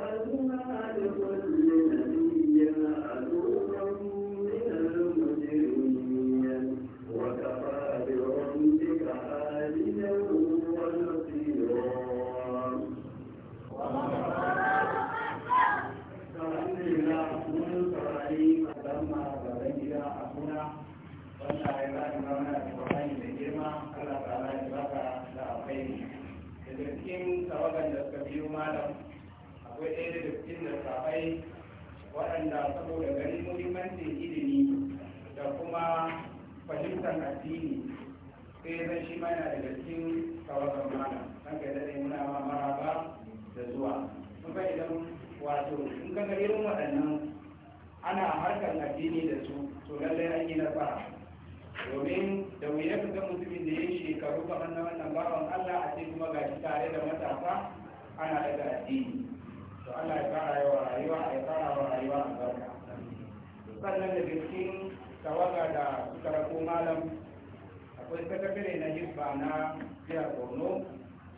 خلق الخلق jirgin tawaga da suka rako malam akwai sakatare na hisba na jihar borno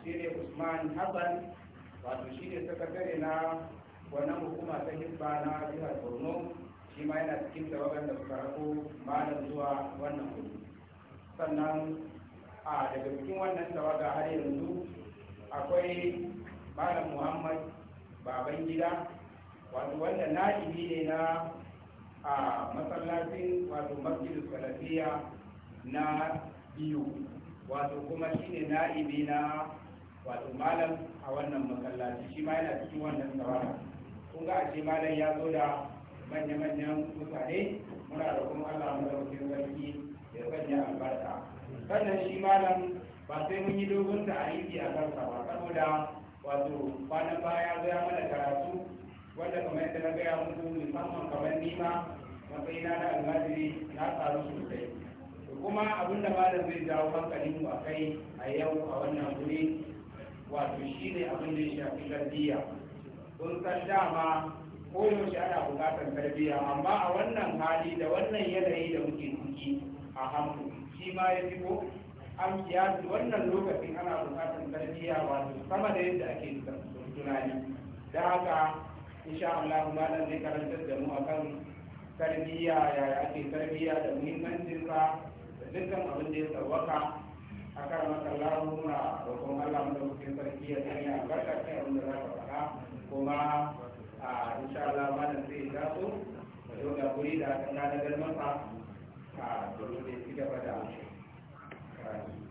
shi ne usman hassan wato shi ne sakatare na wannan hukuma ta hisba na jihar borno shi ma yana cikin tawagar da suka rako malam zuwa wannan hudu sannan a daga cikin wannan tawaga har yanzu akwai malam muhammad baban gida wato wanda na ne na a masallacin wato masjid salafiya na biyu wato kuma shine na'ibi na wato malam a wannan masallaci shi ma yana cikin wannan tsawara kun ga ashe malam ya zo da manya-manyan mutane muna da kuma Allah mu dauke sarki ya sanya albarka sannan shi malam ba sai mun yi dogon ta a kansa ba saboda wato kwanan baya ya mana karatu wanda kamar yadda na gaya muku musamman kamar nima matsayina na almajiri na karu sosai kuma abin da da zai jawo hankalin a kai a yau a wannan wuri wato shi ne abin da ya shafi tarbiyya kun san dama ko koyaushe ana bukatar tarbiyya amma a wannan hali da wannan yanayi da muke ciki a hannu shi ma ya fi ko an kiyasi wannan lokacin ana bukatar tarbiyya wato sama da yadda ake tunani da haka insha Allah dan zai karantar da mu akan tarbiyya ya ake tarbiyya da muhimmancin sa da dukkan abin da ya tsawaka akan masallahu muna kuma Allah mu dauke sarki ya sani albarka kai abin da za ka faɗa kuma insha Allah malam zai taso da yau da guri da aka na da masa a dole da ci gaba da karatu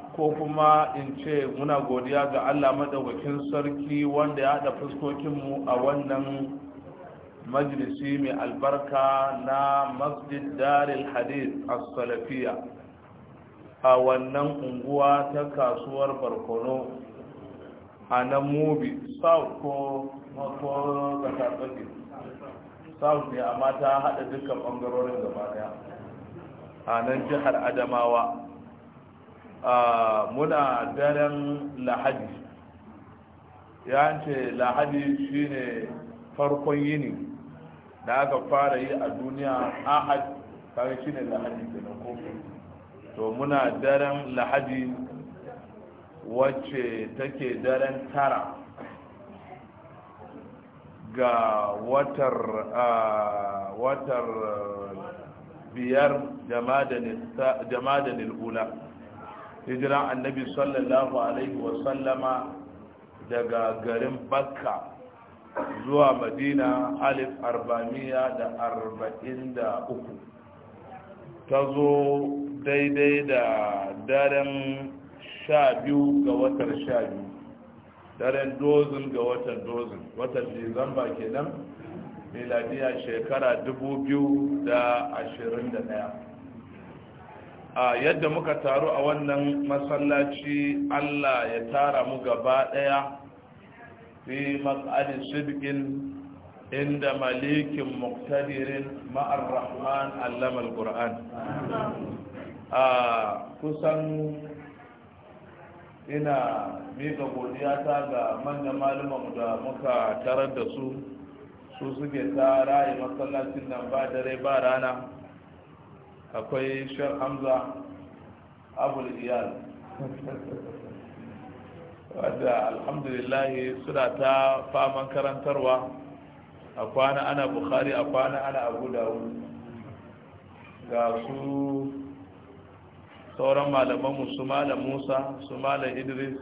ko kuma in ce muna godiya ga allah madaukakin sarki wanda ya haɗa fuskokinmu a wannan majalisi mai albarka na masjid daril hadith a salafiya a wannan unguwa ta kasuwar barkono a nan mubi south ko mako south ne amma ta haɗa dukkan ɓangarorin gaba daya a nan jihar adamawa muna daren lahadi ya ce lahadi shine farkon yini da aka fara yi a duniya ahad kawai shine lahadi kenan kofi to muna daren lahadi wacce take daren tara ga watar watar biyar jama'a da nil'ula hijira annabi sallallahu alaihi wasallama daga garin bakka zuwa madina alif arba'amiya da arba'in da uku ta zo daidai da daren sha biyu ga watar sha biyu daren dozin ga watan dozin watan disamba kenan miladiya shekara dubu biyu da ashirin da daya yadda muka taru a wannan masallaci Allah ya tara mu gaba daya fi maq'adi sidqin inda malikin muktadirin ma'ar rahman allama al kusan ina mika godiyata ga manyan malumanmu da muka tarar da su su suke ta raye masallacin nan ba dare ba rana akwai shar hamza abul iyal wadda alhamdulillah suna ta faman karantarwa a kwana ana bukhari a kwana ana abu dawud ga su sauran malamanmu su malam musa su malam idris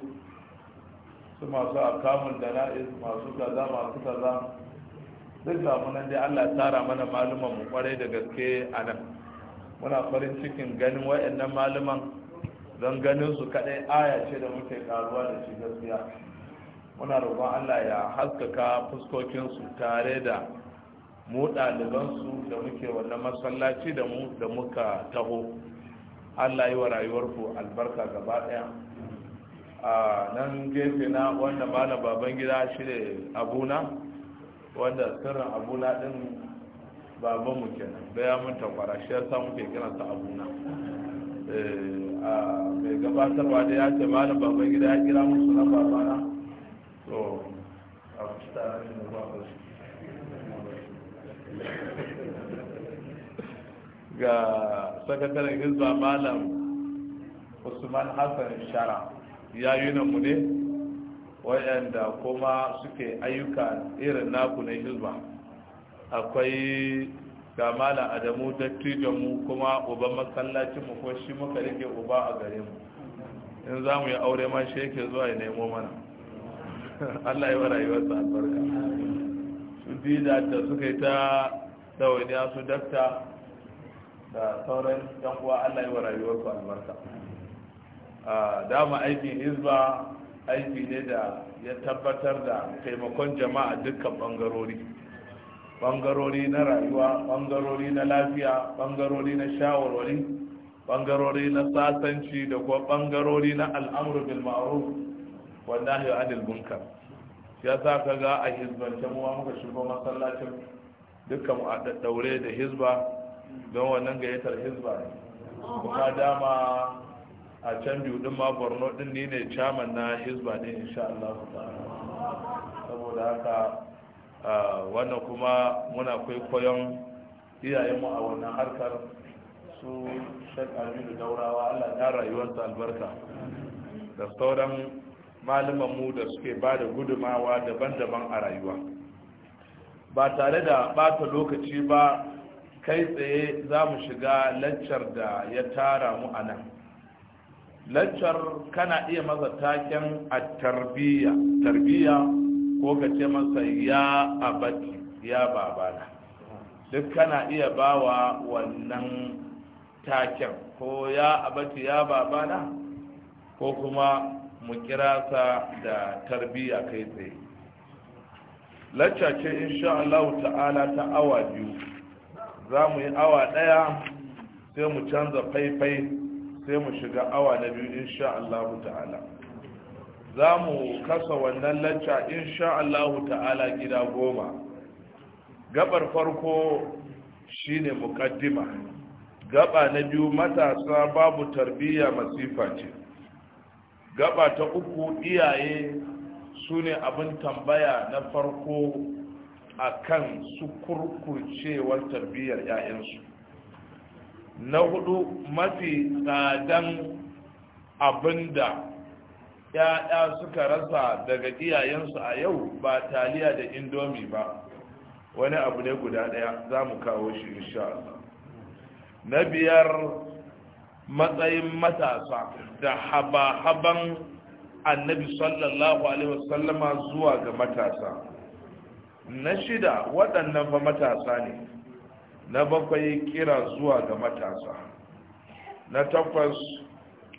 su masu akamun dana'iz masu gaza masu kaza duk munan dai allah tara mana malumanmu kwarai da gaske a nan muna farin cikin ganin wayannan malaman don ganin su kadai aya ce da muke karuwa da shi gaskiya muna roƙon Allah ya haskaka fuskokinsu tare da mu ɗaliban da muke wannan masallaci da mu da muka taho Allah yi wa rayuwar albarka gaba ɗaya a nan gefe na wanda malam baban gida shi ne abuna wanda sirrin abuna din babanmu kenan da ya mun takwara shi ya samu ke kiransa abuna eh, a mai gabatarwa da ya ce malam baban gida ya kira musu na babana to a kusa ne ba ga sakataren hizba malam usman hassan shara ya yi mu ne waɗanda kuma suke ayyuka irin naku na hizba akwai ga adamu dattijon mu kuma uban masallacin mu ko shi muka rike uba a gare mu in za mu yi aure ma shi yake zuwa ya nemo mana Allah yi wa rayuwarsa albarka su dida da suka yi ta ɗawainiya su dakta da sauran yan uwa Allah yi wa rayuwarsu albarka dama aikin izba aiki ne da ya tabbatar da taimakon jama'a dukkan bangarori bangarori na rayuwa bangarori na lafiya bangarori na shawarwari bangarori na sasanci da kuma bangarori na al'amuru bil ma'ruf wa ya adil bunka ya sa ka ga a hizbance mu muka shigo masallacin dukkan mu a daddaure da hizba don wannan gayyatar hizba kuma dama a can biyu din ma borno din ne ne chairman na hizba din insha Allah ta'ala saboda haka Ah, wannan kuma muna kwaikwayon iyayenmu a wannan harkar su shek aminu daurawa allah ya rayuwarsa albarka da sauran malamanmu da suke ba da gudumawa daban-daban a rayuwa ba tare da bata lokaci ba kai tsaye za mu shiga laccar da ya tara mu a nan laccar kana iya maza taken a tarbiyya tarbiyya ko ka ce masa ya abadi ya babana duk kana iya bawa wannan taken ko ya abadi ya babana ko kuma mu kira sa da tarbiyya kai tsaye lacca ce insha Allah ta'ala ta awa biyu za mu yi awa ɗaya sai mu canza faifai sai mu shiga awa na biyu insha Allah ta'ala za mu kasa wannan lacca insha Allah ta'ala gida goma gabar farko shi ne mukaddima gaba na biyu matasa babu tarbiyya masifa ce gaba ta uku iyaye su ne abin tambaya na farko a kan su kurkurcewar tarbiyyar 'ya'yansu na hudu mafi tsadan abin da ya'ya suka rasa daga iyayensu a yau ba taliya da indomi ba wani abu ne guda ɗaya za mu kawo shi insha na biyar matsayin matasa da haba-haban annabi sallallahu alaihi wasallama zuwa ga matasa na shida waɗannan fa matasa ne na bakwai kira zuwa ga matasa na takwas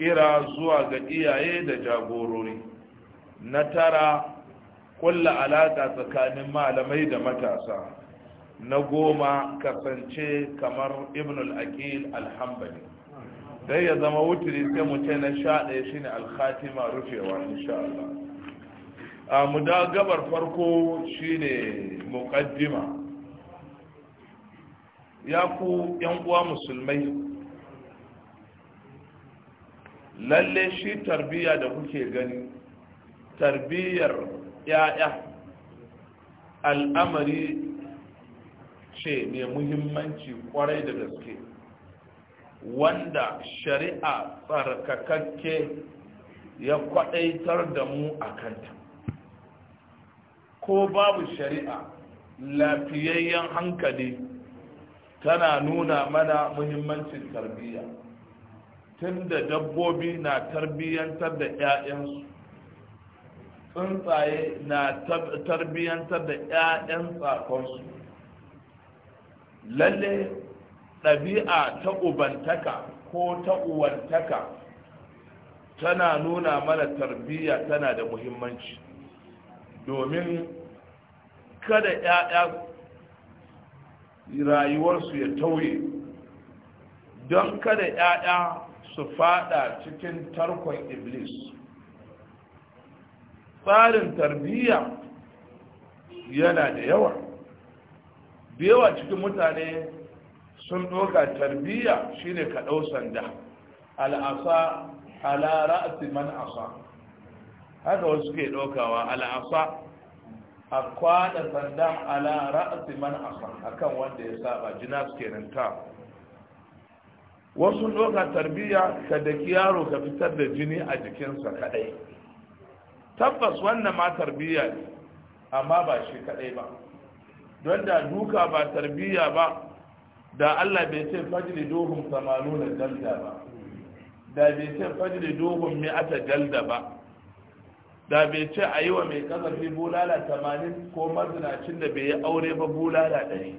kira zuwa ga iyaye da jagorori na tara kulla alaƙa tsakanin malamai da matasa na goma kasance kamar ibn al-aqil al-hambali dai ya zama wuturi sai mu ce na sha ɗaya shine al-khatima rufewa insha Allah a mu da gabar farko shine muqaddima ya ku yan uwa musulmai lalle shi tarbiyya da kuke gani tarbiyyar ya'ya al'amari ce mai muhimmanci kwarai da gaske wanda shari'a tsarkakakke ya kwadaitar da mu a kanta ko babu shari'a lafiyayyen hankali tana nuna mana muhimmancin tarbiyya tunda dabbobi na tarbiyyantar da 'ya'yansu tsuntsaye na tarbiyyantar da 'ya'yan tsakonsu lalle ɗabi'a ta ubantaka ko ta uwantaka tana nuna mana tarbiyya tana da muhimmanci domin kada 'ya'ya rayuwarsu ya tauye don kada 'ya'ya su fada cikin tarkon iblis tsarin tarbiyya yana da yawa da yawa cikin mutane sun ɗoka tarbiyya shine ka dau sanda al'asa ala ra'si man asa haka wasu suke ɗaukawa al'asa a kwada sanda ala ra'si man asa akan wanda ya saba jina kenan ta wasu lokacin tarbiyya ka daki yaro ka fitar da jini a jikinsa kadai tabbas wannan ma tarbiyya ne amma ba shi kadai ba don da duka ba tarbiyya ba da Allah bai ce dohun samanu na jalda ba da bai ce dohun mai ata jalda ba da bai ce a yi wa mai kazafi bulala tamanin ko mazinacin da bai yi aure ba bulala ɗari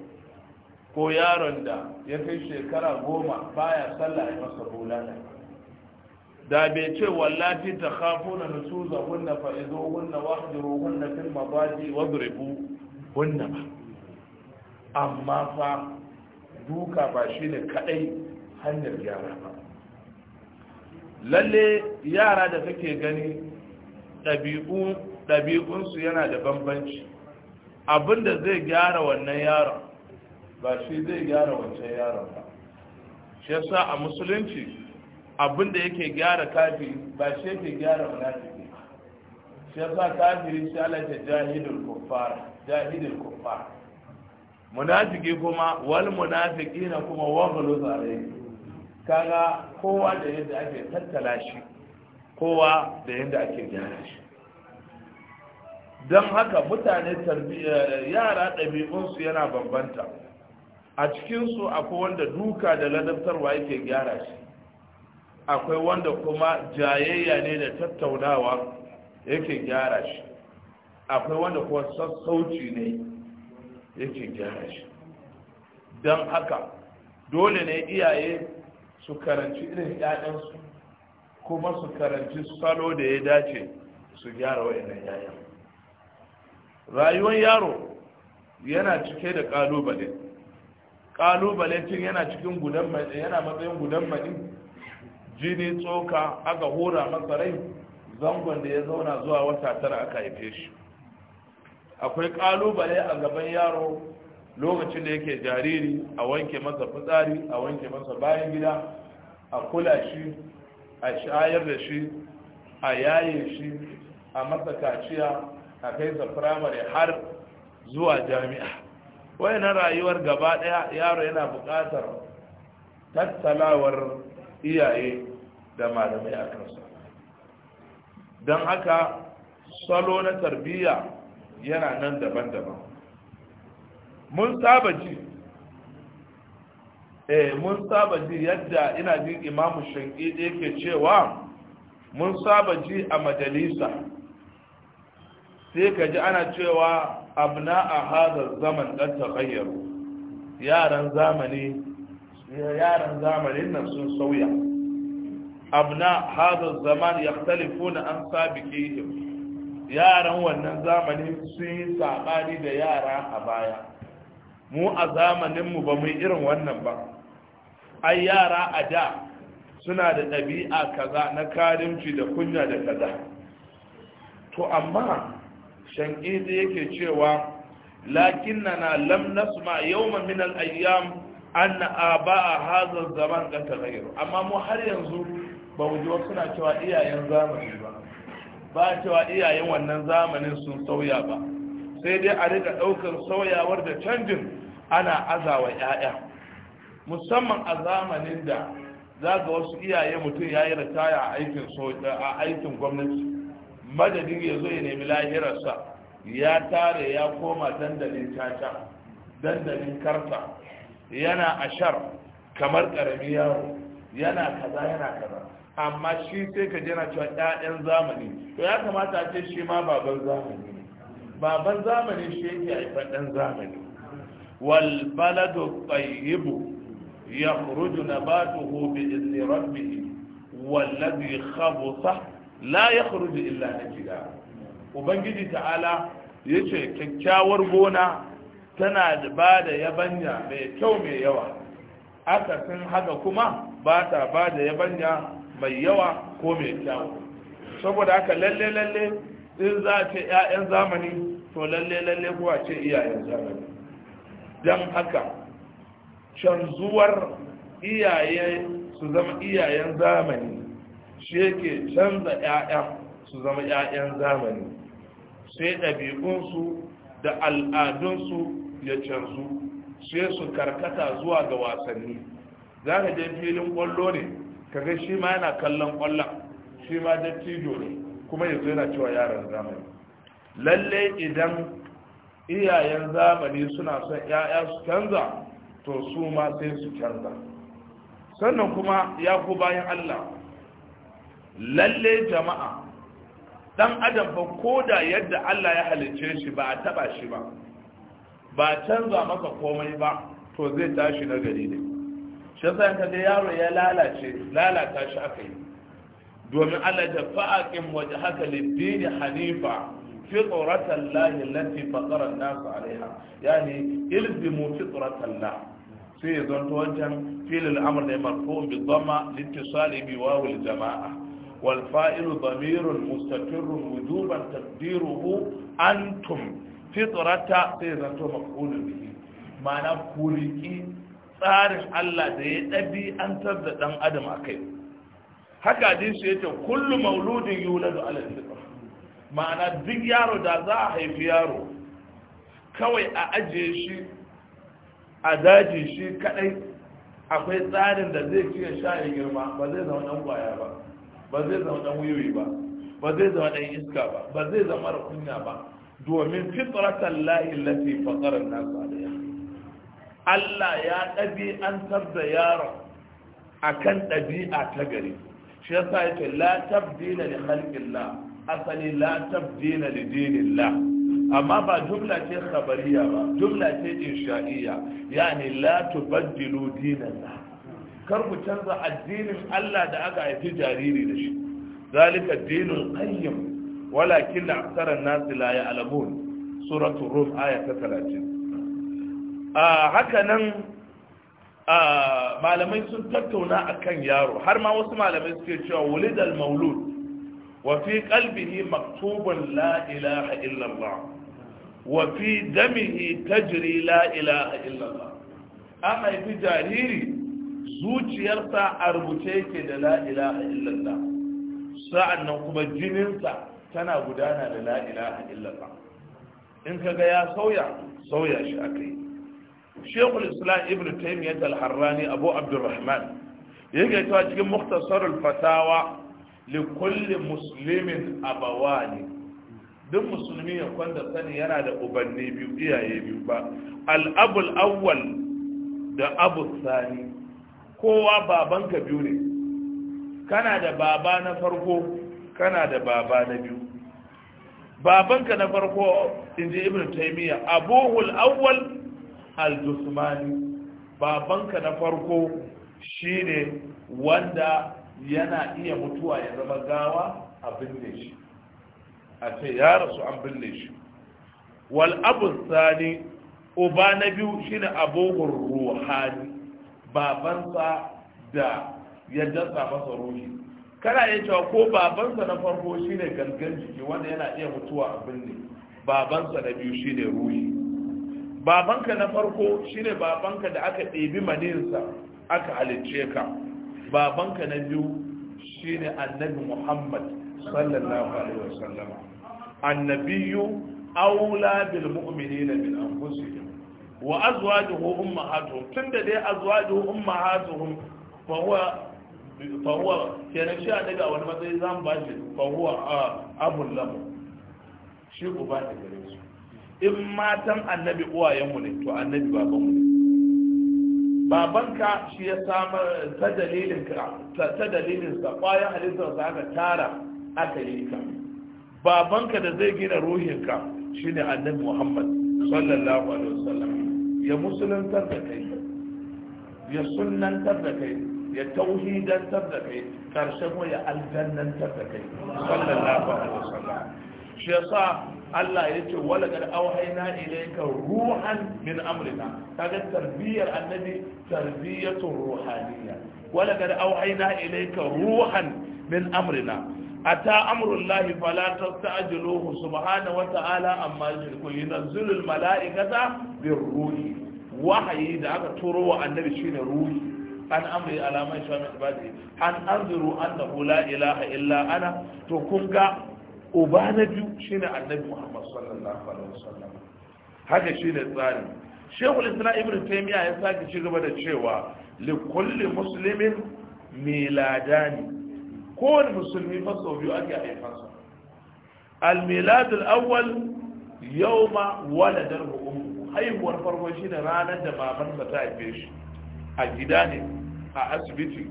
ko yaron da ya kai shekara goma baya sallah ya masa bulala da bai ce wallafi ta kafo na nusuza hunna fa'izo hunna wahdiru hunna fil mabaji wadribu hunna ba amma fa duka ba shine kaɗai hanyar gyara ba lalle yara da kake gani ɗabi'unsu yana da bambanci abinda zai gyara wannan yaron ba shi zai gyara wancan yaron ba shi yasa a musulunci abin da yake gyara kafi ba shi yake gyara munafiki shi yasa kafiri shi Allah jahidul kuffar jahidul kuffar munafiki kuma wal munafiqina kuma waghlu zare kaga kowa da yadda ake tattala shi kowa da yadda ake gyara shi don haka mutane yara ɗabi'unsu yana bambanta a cikinsu akwai wanda duka da ladabtarwa yake gyara shi akwai wanda kuma jayayya ne da tattaunawa yake gyara shi akwai wanda kuma sassauci ne yake gyara shi don haka dole ne iyaye su karanci irin 'ya'yansu kuma su karanci salo da ya dace su gyara wa'annan 'ya'yan rayuwar yaro yana cike da ƙalubale kalubale cin yana cikin gudan mai yana matsayin gudan mai jini tsoka aka hora masa rai zangon da ya zauna zuwa wata tara aka haife shi akwai kalubale a gaban yaro lokacin da yake jariri a wanke masa fitsari a wanke masa bayan gida a kula shi a shayar da shi a yaye shi a masa kaciya a kai sa firamare har zuwa jami'a wai na rayuwar gaba daya yaro yana buƙatar tattalawar iyaye da malamai a kansa don haka salo na tarbiyya yana nan daban-daban mun saba ji eh mun saba ji yadda ina jin imamu shanƙi yake cewa mun saba ji a majalisa sai ka ji ana cewa abna a hadar zaman ɗan taƙayyaru yaran zamani yaran zamanin nan sun sauya abna hadar zaman ya talifu na an sabike yaran wannan zamani sun yi saɓari da yara a baya mu a zamaninmu ba mu irin wannan ba ai yara a da suna da ɗabi'a kaza na karimci da kunya da kaza to amma shankidi yake cewa na lam nasma ma min al-ayyam anna a hadha zaman qad tagayyaru amma mu har yanzu ba mu ji wasu na cewa iyayen zamani ba ba cewa iyayen wannan zamanin sun sauya ba sai dai a rika daukar sauyawar da canjin ana azawa yaya musamman a zamanin da za ga wasu iyaye mutum ya yi ritaya a aikin gwamnati madadin ya zo ya nemi lahirarsa ya tare ya koma dandalin caca dandalin karta yana ashar kamar karami yaro yana kaza yana kaza amma shi sai ka jana cewa 'ya'yan zamani to ya kamata a ce shi ma baban zamani baban zamani shi yake haifar ɗan zamani wal baladu tayyibu yakhruju nabatuhu bi izni rabbih والذي خبث la ya illa na gida ubangiji ta'ala ya ce kyakkyawar gona tana ba da yabanya mai kyau mai yawa aka sun haka kuma ba ta ba da yabanya mai yawa ko mai kyau saboda haka lalle lalle in za a ce 'ya'yan zamani to lalle lalle kuwa ce iyayen zamani don haka canzuwar iyaye su zama iyayen zamani shi yake canza 'ya'yan su zama 'ya'yan zamani sai ɗabi'unsu da al'adunsu ya canzu sai su karkata zuwa ga wasanni za ka je filin ƙwallo ne kaga shi ma yana kallon ƙwallon shi ma dattijo ne kuma yanzu yana cewa yaran zamani lalle idan iyayen zamani suna son 'ya'ya su canza to su ma sai su canza sannan kuma ya ku bayan allah lalle jama'a dan adam fa koda yadda Allah ya halicce shi ba a taba shi ba ba canza maka komai ba to zai tashi na gari ne shi yasa ka yaro ya lalace lalata shi aka yi domin Allah ta fa'aqim wajhaka lid-din hanifa fitratan lahi allati fatara an-nas 'alayha yani ilzimu fitratan lahi sai zanto wancan filin amur ne marfu bi dhamma litisali bi wawu jama'a والفائل ضمير مستقر وجوبا تقديره أنتم فطرة سيزنتم مفعول به معنى كوليكي tsarin Allah da ya ɗabi'antar da ɗan adam a kai haka hadisi ya ce kullum mauludin yuladu ala fitra ma'ana duk yaro da za a haifi yaro kawai a ajiye shi a daji shi kadai akwai tsarin da zai ciye sha ya girma ba zai zama ɗan ƙwaya ba ba zai zama dan wiwi ba ba zai zama dan iska ba ba zai zama mara kunya ba domin fitratan lahi lati faqara nas alayha Allah ya dabi an yaron akan dabi'a ta gari shi yasa yake la tabdila li khalqillah asali la tabdila li dinillah amma ba jumla ce khabariya ba jumla ce insha'iyya yani la tubaddilu dinallah kar ku canza addinin Allah da aka haifi jariri da shi zalika dinul qayyim walakin aktharan nas la ya'lamun suratul rum aya ta 30 a haka nan malamai sun tattauna akan yaro har ma wasu malamai suke cewa wulidal maulud وفي قلبه مكتوب لا إله إلا الله وفي دمه تجري la ilaha إلا الله أما في جاهيري zuciyarsa a rubuce yake da la ilaha illallah nan kuma jininsa tana gudana da la ilaha illallah in kaga ya sauya sauya shi akai shekul islam ibn taymiyyah al-harrani abu abdurrahman yake cewa cikin mukhtasar al-fatawa li kulli muslimin abawani duk musulmi ya kwanda sani yana da ubanni biyu iyaye biyu ba al-abul awwal da abu sani kowa babanka biyu ne kana da baba na farko kana da baba na biyu babanka na farko in ji ibn taimiyya abuhul awwal al-jusmani babanka na farko shine wanda yana iya mutuwa ya zama gawa a binne shi a ce ya rasu an binne shi wal abu sani uba na biyu shine abuhul ruhani babansa da ya masa ruhi kana iya cewa ko babansa na farko shine gangan jiki wanda yana iya mutuwa a binne babansa na biyu shine ruhi babanka na farko shine babanka da aka ɗebi maninsa aka halicce ka babanka na biyu shine annabi muhammad sallallahu alaihi wasallama Annabiyu aula bil mu'minina min anfusihim wa azwajuhu ummahatuhum tunda dai azwajuhu ummahatuhum fa huwa fa huwa kenan shi annabi daga wani matsayi za mu bashi fa huwa abul lahu shi uba ne gare su in matan annabi uwayenmu ne to annabi babanmu ne babanka shi ya samar ta dalilin ka, ta dalilin sa kwayan halittar sa aka tara aka yi ka babanka da zai gina ruhinka shine annabi Muhammad sallallahu alaihi wasallam ya musulantar da kai ya sunantar da kai ya tauhidantar da kai karshen ya aljannantar da kai sallallahu alaihi wasallam shi yasa Allah ya ce wala kad auhayna ilayka ruhan min amrina kaga tarbiyar annabi tarbiyatu ruhaniyya wala kad auhayna ilayka ruhan min amrina ata amrullahi fala tastajiluhu subhanahu wa ta'ala amma shirku yunazzilul mala'ikata birruhi wahayi da aka turo wa annabi shine ruhi an amri alama shi min ibadi an anziru annahu la ilaha illa ana to kun ga uba na biyu shine annabi Muhammad sallallahu alaihi wasallam haka shine tsarin Sheikhul Islam Ibn Taymiyyah ya sake ci gaba da cewa li kulli muslimin miladani kowane musulmi maso biyu ake haifansa almiladul awwal yawma waladar haihuwar farko ne ranar da babansa ta haife shi a gida ne a asibiti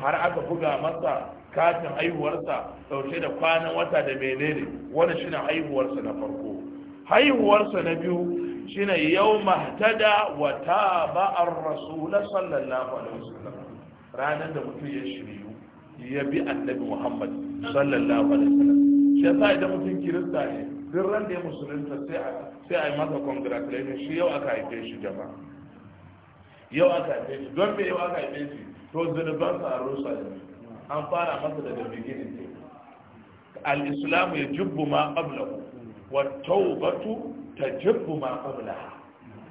har aka buga masa katin haihuwarsa dauke da kwanan wata da menene wani ne haihuwarsa na farko haihuwarsa na biyu shine yau mahtada wa taba'ar rasul sallallahu alaihi wasallam ranar da mutum ya shiryu ya bi annabi muhammad sallallahu alaihi wasallam shi yasa idan mutum kirista ne duk ran da ya musulunta sai a yi masa congratulation shi yau aka haife shi jama'a yau aka haife shi don me yau aka haife shi to sa a rusa ne an fara masa daga beginning ne al-islamu ya jubbu ma qablahu wa tawbatu tajubbu ma qablaha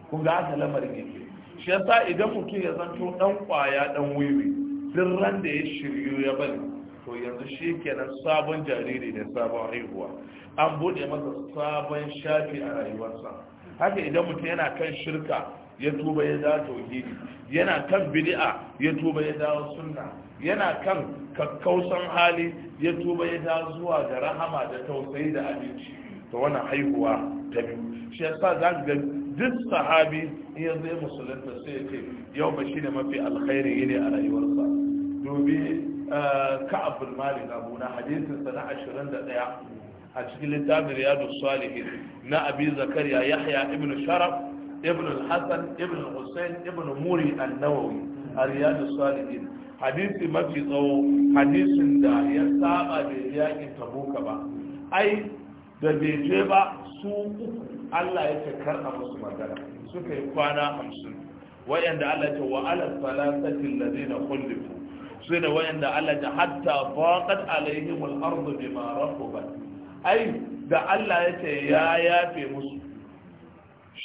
kun ga haka lamarin yake shi yasa idan mutum ya zanto dan kwaya dan wiwi sirran da ya shiryu ya bari to yanzu shi kenan sabon jariri ne sabon haihuwa an bude masa sabon shafi a rayuwarsa haka idan mutum yana kan shirka ya tuba ya dawo tauhidi yana kan bid'a ya tuba ya dawo sunna yana kan kakkausan hali ya tuba ya dawo zuwa ga rahama da tausayi da abinci to wannan haihuwa ta biyu shi yasa za ga duk sahabi iya ya zai musulunta sai ya ce yau ba shi ne mafi alkhairi ne a rayuwarsa dobi eh, ka'abul malik abu na hadisin sana ashirin da ɗaya a cikin littafin riyadu salihin na abi zakariya yahya ibn sharaf ibn Hassan ibn hussein ibn muri an-nawawi a riyadu salihin hadisi mafi tsawo hadisin da ya saba da yakin tabuka ba ai da bai je ba su uku Allah ya ce kar a musu magana suka yi kwana hamsin wayanda Allah ce wa ala salasatin ladina khulifu su ne wayanda Allah ce hatta faqat alaihim al-ardu bima rahabat ai da Allah ya ce ya yafe musu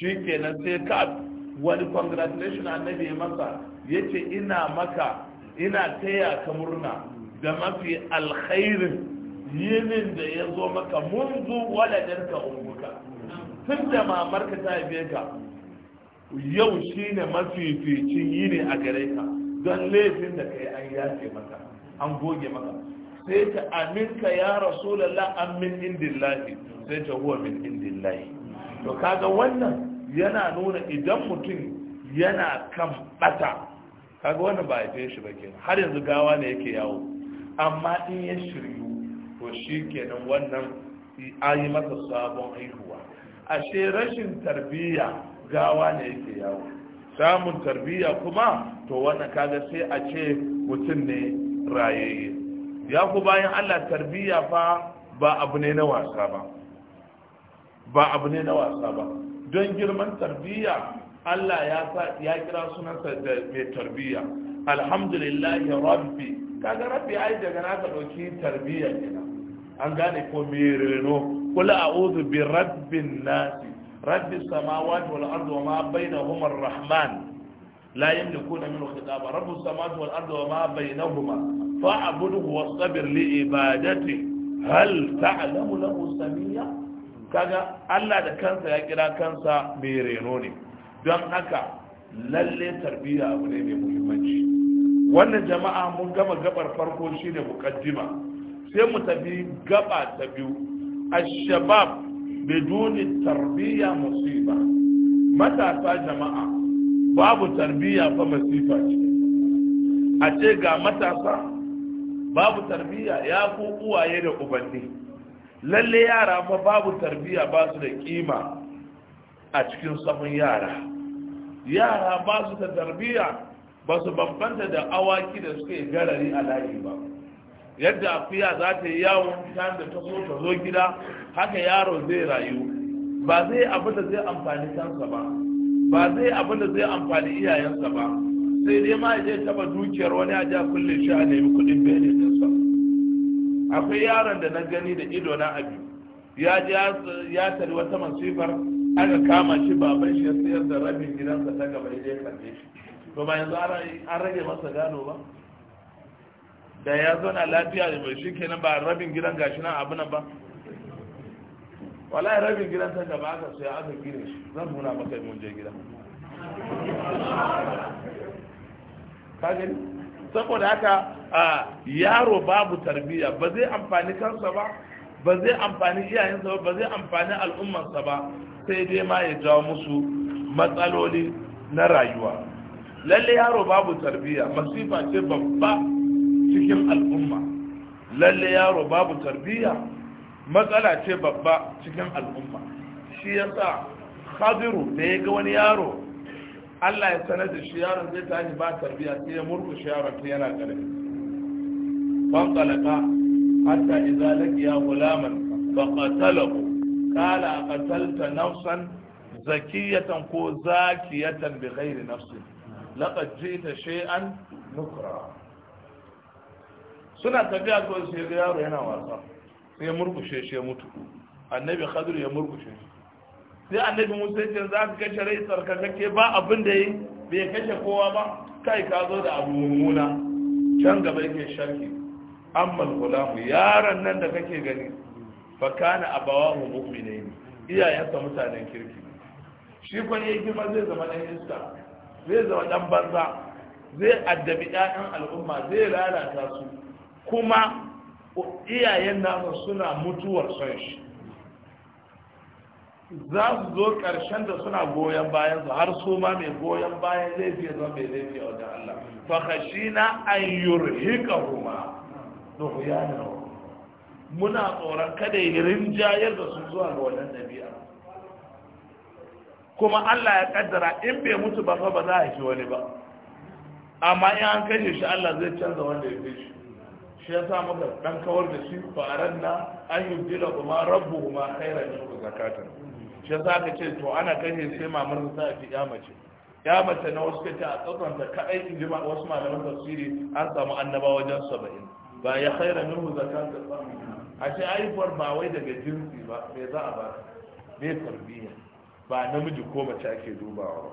shikenan sai ka wani congratulation annabi ya masa yace ina maka ina taya ka murna da mafi alkhairin yinin da ya zo maka munzu waladarka ummuka tun da mamarka ta haife ka yau shi ne mafificin yini a gare ka don laifin da kai an yafe maka an goge maka sai ta aminka ya rasulallah an min indillahi sai ta huwa min indillahi to kaga wannan yana nuna idan mutum yana kan bata kaga wannan ba haife shi ba kenan har yanzu gawa ne yake yawo amma in ya shiryu to shi kenan wannan a yi masa sabon haihuwa ashe rashin tarbiyya gawa ne yake yawo samun tarbiyya kuma to wannan kaga sai a ce mutum ne rayayye ya ku bayan Allah tarbiyya fa ba abu ne na wasa ba ba abu ne na wasa ba don girman tarbiyya Allah ya sa ya kira sunansa da mai tarbiyya alhamdulillahi rabbi kaga rabbi ai daga na ka dauki tarbiyya kenan an gane ko me reno قل أعوذ برب الناس رب السماوات والأرض وما بينهما الرحمن لا يملكون منه خطابا رب السماوات والأرض وما بينهما فاعبده واصطبر لعبادته هل تعلم له سميا kaga Allah da kansa ya kira kansa mai reno ne don haka lalle tarbiyya abu ne mai muhimmanci wannan jama'a mun gama gabar farko shine mukaddima sai mu tafi gaba ta biyu الشباب بدون التربية مصيبة متى جماعة باب a فمصيبة أتيجا متى babu tarbiyya ya ko uwaye da ubanni Lallai yara fa babu tarbiyya ba su da kima a cikin saman yara yara ba da tarbiyya ba su bambanta da awaki da suka yi garari a layi ba yadda akuya za ta yi yawon ta da ta so ta zo gida haka yaro zai rayu ba zai abu da zai amfani kansa ba ba zai abu da zai amfani iyayensa ba sai dai ma zai taba dukiyar wani a ja kullum shi a nemi kudin bene dinsa akwai yaron da na gani da ido na abi ya ji ya tari wata masifar aka kama shi baban shi ya sayar da rabin gidansa ta gaba ya je kalle shi to ba yanzu an rage masa gano ba da ya zo na lafiya da mai shi kenan ba rabin gidan gashi nan abu nan ba wala rabin gidan ta gaba aka sai aka gire shi zan nuna maka mun je gidan ka gani saboda haka yaro babu tarbiyya ba zai amfani kansa ba ba zai amfani iyayensa ba ba zai amfani al'ummarsa ba sai dai ma ya jawo musu matsaloli na rayuwa lalle yaro babu tarbiyya masifa ce babba cikin al'umma lalle yaro babu tarbiya matsala ce babba cikin al'umma shi yasa khadiru da ya ga wani yaro Allah ya sanar da shi yaron zai tashi ba tarbiya sai ya murku shi yaron sai yana karfi ban kalaka hatta idza laqiya gulaman fa qatalahu qala qatalta nafsan zakiyatan ko zakiyatan bi ghairi nafsin laqad jita shay'an nukra suna tafiya ko sai ga yaro yana wasa sai ya murkushe shi ya mutu annabi khadir ya murkushe shi sai annabi musa ya za ka kashe rai kake ba abin da yi bai kashe kowa ba kai ka zo da abu mumuna can gaba yake sharki amma gulamu yaron nan da kake gani fa kana abawahu iyayen iyayensa mutanen kirki shi ko ne girma zai zama dan iska zai zama dan banza zai addabi 'ya'yan al'umma zai lalata su kuma iyayen namu suna mutuwar son shi za su zo ƙarshen da suna goyon bayan su har su ma mai goyon bayan zai fiye zo mai zai fiye wajen Allah na an yurhika kuma nuhuyanin muna tsoron kada yi rinjayar da su zuwa ga wannan ɗabi'a kuma Allah ya kaddara in bai mutu ba fa ba za a shi wani ba amma in an kashe shi Allah zai canza wanda ya fi shi shi ya sa muka dan kawar da shi fa aranna an yubdila kuma ma khairan minhu zakatan shi ya ka ce to ana kashe sai mamar sa fi mace ya mace na wasu kace a ta kadai in ji wasu malaman tafsiri an samu annaba wajen saba'in ba ya khairan minhu zakatan a ce aifuwar ba wai daga jinsi ba me za a ba me tarbiyya ba namiji ko mace ake dubawa ba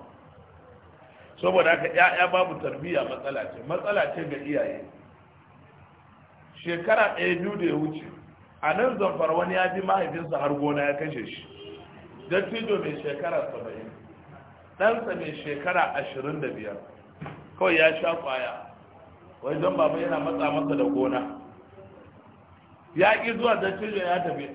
saboda haka ya'ya babu tarbiyya matsala ce matsala ce ga iyaye shekara ɗaya biyu da ya wuce a nan zamfara wani ya bi mahaifinsa har gona ya kashe shi dattijo mai shekara saba'in ɗansa mai shekara ashirin da biyar kawai ya sha kwaya wajen baba yana matsa masa da gona ya ƙi zuwa dattijo ya tafi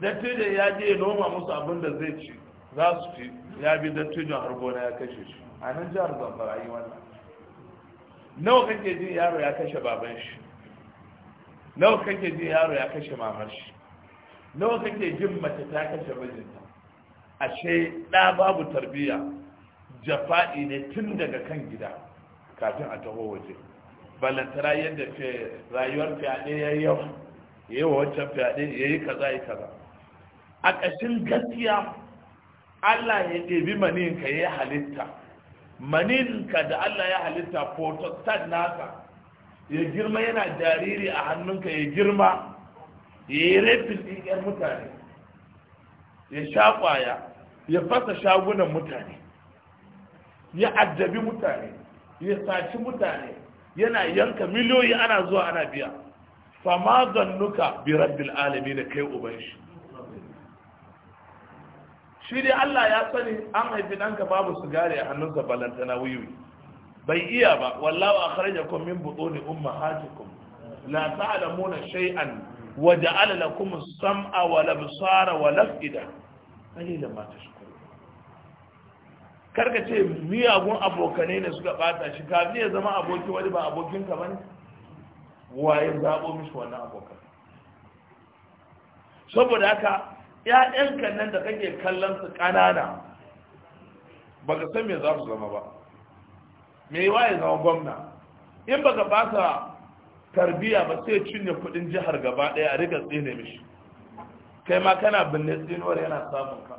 dattijo ya je noma musu abin da zai ci za su ci ya bi dattijo har gona ya kashe shi a nan jihar zamfara yi wannan nawa kake jin yaro ya kashe baban shi nawa kake ji yaro ya kashe mamar shi nawa kake jin mace ta kashe mijinta ashe ɗa babu tarbiyya jafa'i ne tun daga kan gida kafin a taho waje balantara yadda rayuwar fyaɗe ya yi yawa ya yi wa wancan fyaɗe ya yi kaza ya kaza a ƙashin gaskiya allah ya ɗebi maninka ya yi halitta maninka da allah ya halitta ta nasa ya girma yana jariri a hannunka ya girma ya yi rafin ɗin mutane ya sha ƙwaya ya fasa shagunan mutane ya addabi mutane ya saci mutane yana yanka miliyoyi ana zuwa ana biya fama zannuka bi rabbil alami da kai uban shi shi dai Allah ya sani an haifi ɗanka babu sigari a hannunsa balantana wiwi bai iya ba wallahu akhrajakum min butuni ummahatikum la ta'lamuna shay'an wa ja'ala lakum as-sam'a wal absara wal af'ida qalilan ma tashkurun karka ce miyagun abokane ne suka bata shi ya zama aboki wani ba abokin ka bane waye zabo mishi wannan abokan saboda haka ƴaƴanka nan da kake kallon su ƙanana baka san me za su zama ba me yawa ya zama gwamna in baka ba sa tarbiya ba sai cinye kudin jihar gaba daya a riga tsine mishi kai ma kana binne tsinuwar yana samun ka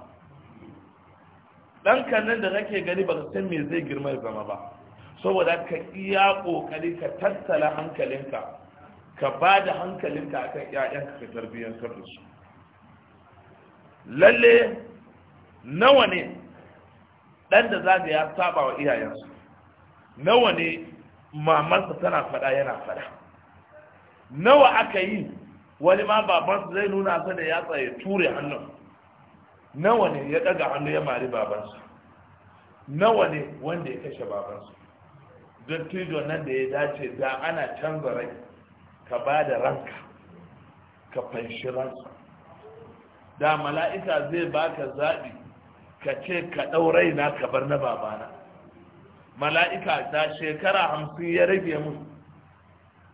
dan nan da kake gani baka san me zai girma ya zama ba saboda ka iya kokari ka tattala hankalinka ka ba da hankalinka kan ƴaƴanka ka tarbiyyantar da su lalle nawa ne dan da za ya saba wa iyayensu nawa ne mamansa tana fada yana fada nawa aka yi wani ma babansa zai nuna sa da yatsa ya ture hannun nawa ne ya daga hannu ya mari babansa nawa ne wanda ya kashe babansa don tijon nan da ya dace da ana canza rai ka ba da ranka ka fanshi ransa da mala'ika zai baka zaɓi ka ce ka ɗau raina ka bar na babana mala'ika da shekara hamsin ya rage mun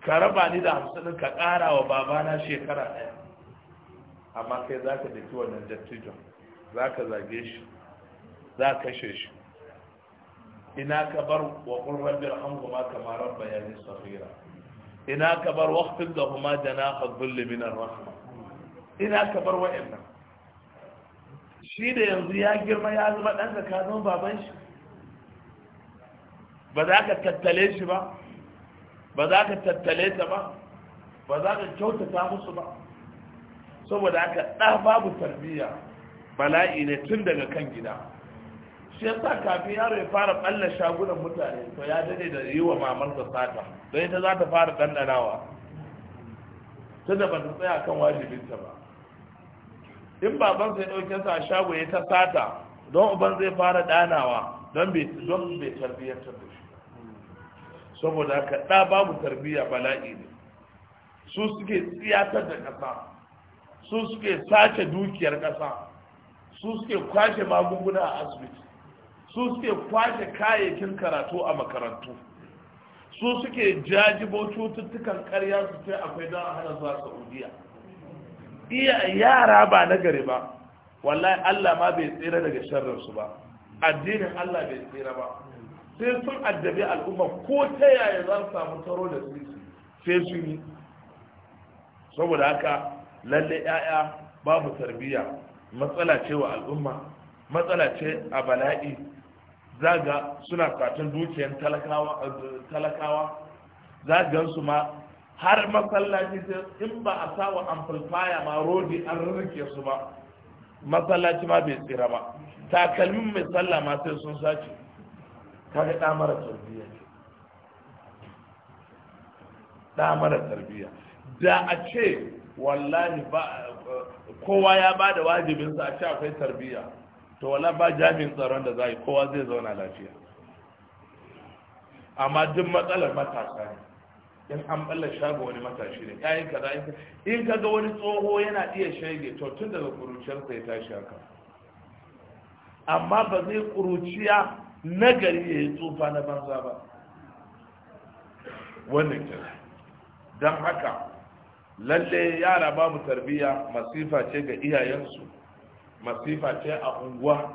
ka raba ni da hamsin ka ƙara wa babana shekara ɗaya amma kai za ka daki wannan dattijon za ka zage shi za ka kashe shi ina ka bar wa ƙurrar birhan kuma kamar rabba ya safira ina ka bar waƙfin da kuma jana haddulli minar rahma ina ka bar nan? shi da yanzu ya girma ya zama ɗan da ka zama baban shi ba za ka tattale shi ba ba za ka tattale ta ba ba za ka kyautata musu ba saboda aka ɗa babu tarbiyya bala'i ne tun daga kan gida shi yasa kafin yaro ya fara ɓalla shagunan mutane to ya dade da yi wa mamar sata don ita za ta fara ɗanɗanawa tun da ba ta tsaya kan wajibinta ba in babansa ya ɗauke sa shago ya ta sata don uban zai fara ɗanawa don bai tarbiyyantar da shi saboda haka ɗa babu tarbiyya bala'i ne su suke tsiyatar da ƙasa su suke sace dukiyar ƙasa su suke kwashe magunguna a asibiti su suke kwashe kayayyakin karatu a makarantu su suke jajibo cututtukan karya su ce akwai don hana zuwa saudiya iya yara ba na gari ba wallahi allah ma bai tsira daga sharrinsu ba addinin allah bai tsira ba sai sun addabi al'umma ko ta yaya za su samu taro da su sai su yi saboda haka lalle ya'ya babu tarbiyya matsala ce wa al'umma matsala ce a bala'i zaga suna fatan dukiyar talakawa zagan su ma har masallaci in ba a sawa amplifier ma rodi an rike su ba masallaci ma bai tsira ba takalmin mai sallah ma sai sun sace kaga ɗa mara tarbiyya ɗa mara tarbiyya da a ce wallahi ba kowa ya ba da wajibinsa a ce akwai tarbiyya to wala ba jami'in tsaron da za yi kowa zai zauna lafiya amma duk matsalar matasa ne in an balla shago wani matashi ne yayin kaza in ka ga wani tsoho yana iya shege to tun daga kuruciyarsa ya tashi haka amma ba zai kuruciya nagari ya yi tsufa na banza ba wannan kira don haka lalle yara babu tarbiyya masifa ce ga iyayensu masifa ce a unguwa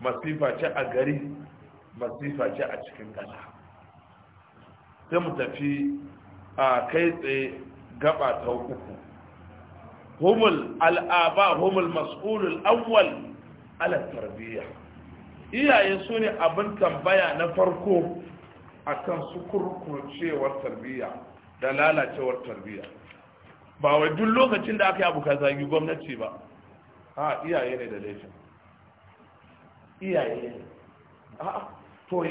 masifa ce a gari masifa ce a cikin kasa sai mu tafi a kai tsaye gaba ta uku humul al'aba humul mas'ulul awwal ala tarbiyya iyaye su ne abin tambaya na farko akan su kurkucewar tarbiyya da lalacewar tarbiyya ba wai duk lokacin da aka yi abu ka zagi gwamnati ba Ha iyaye ne da laifin iyaye ne a to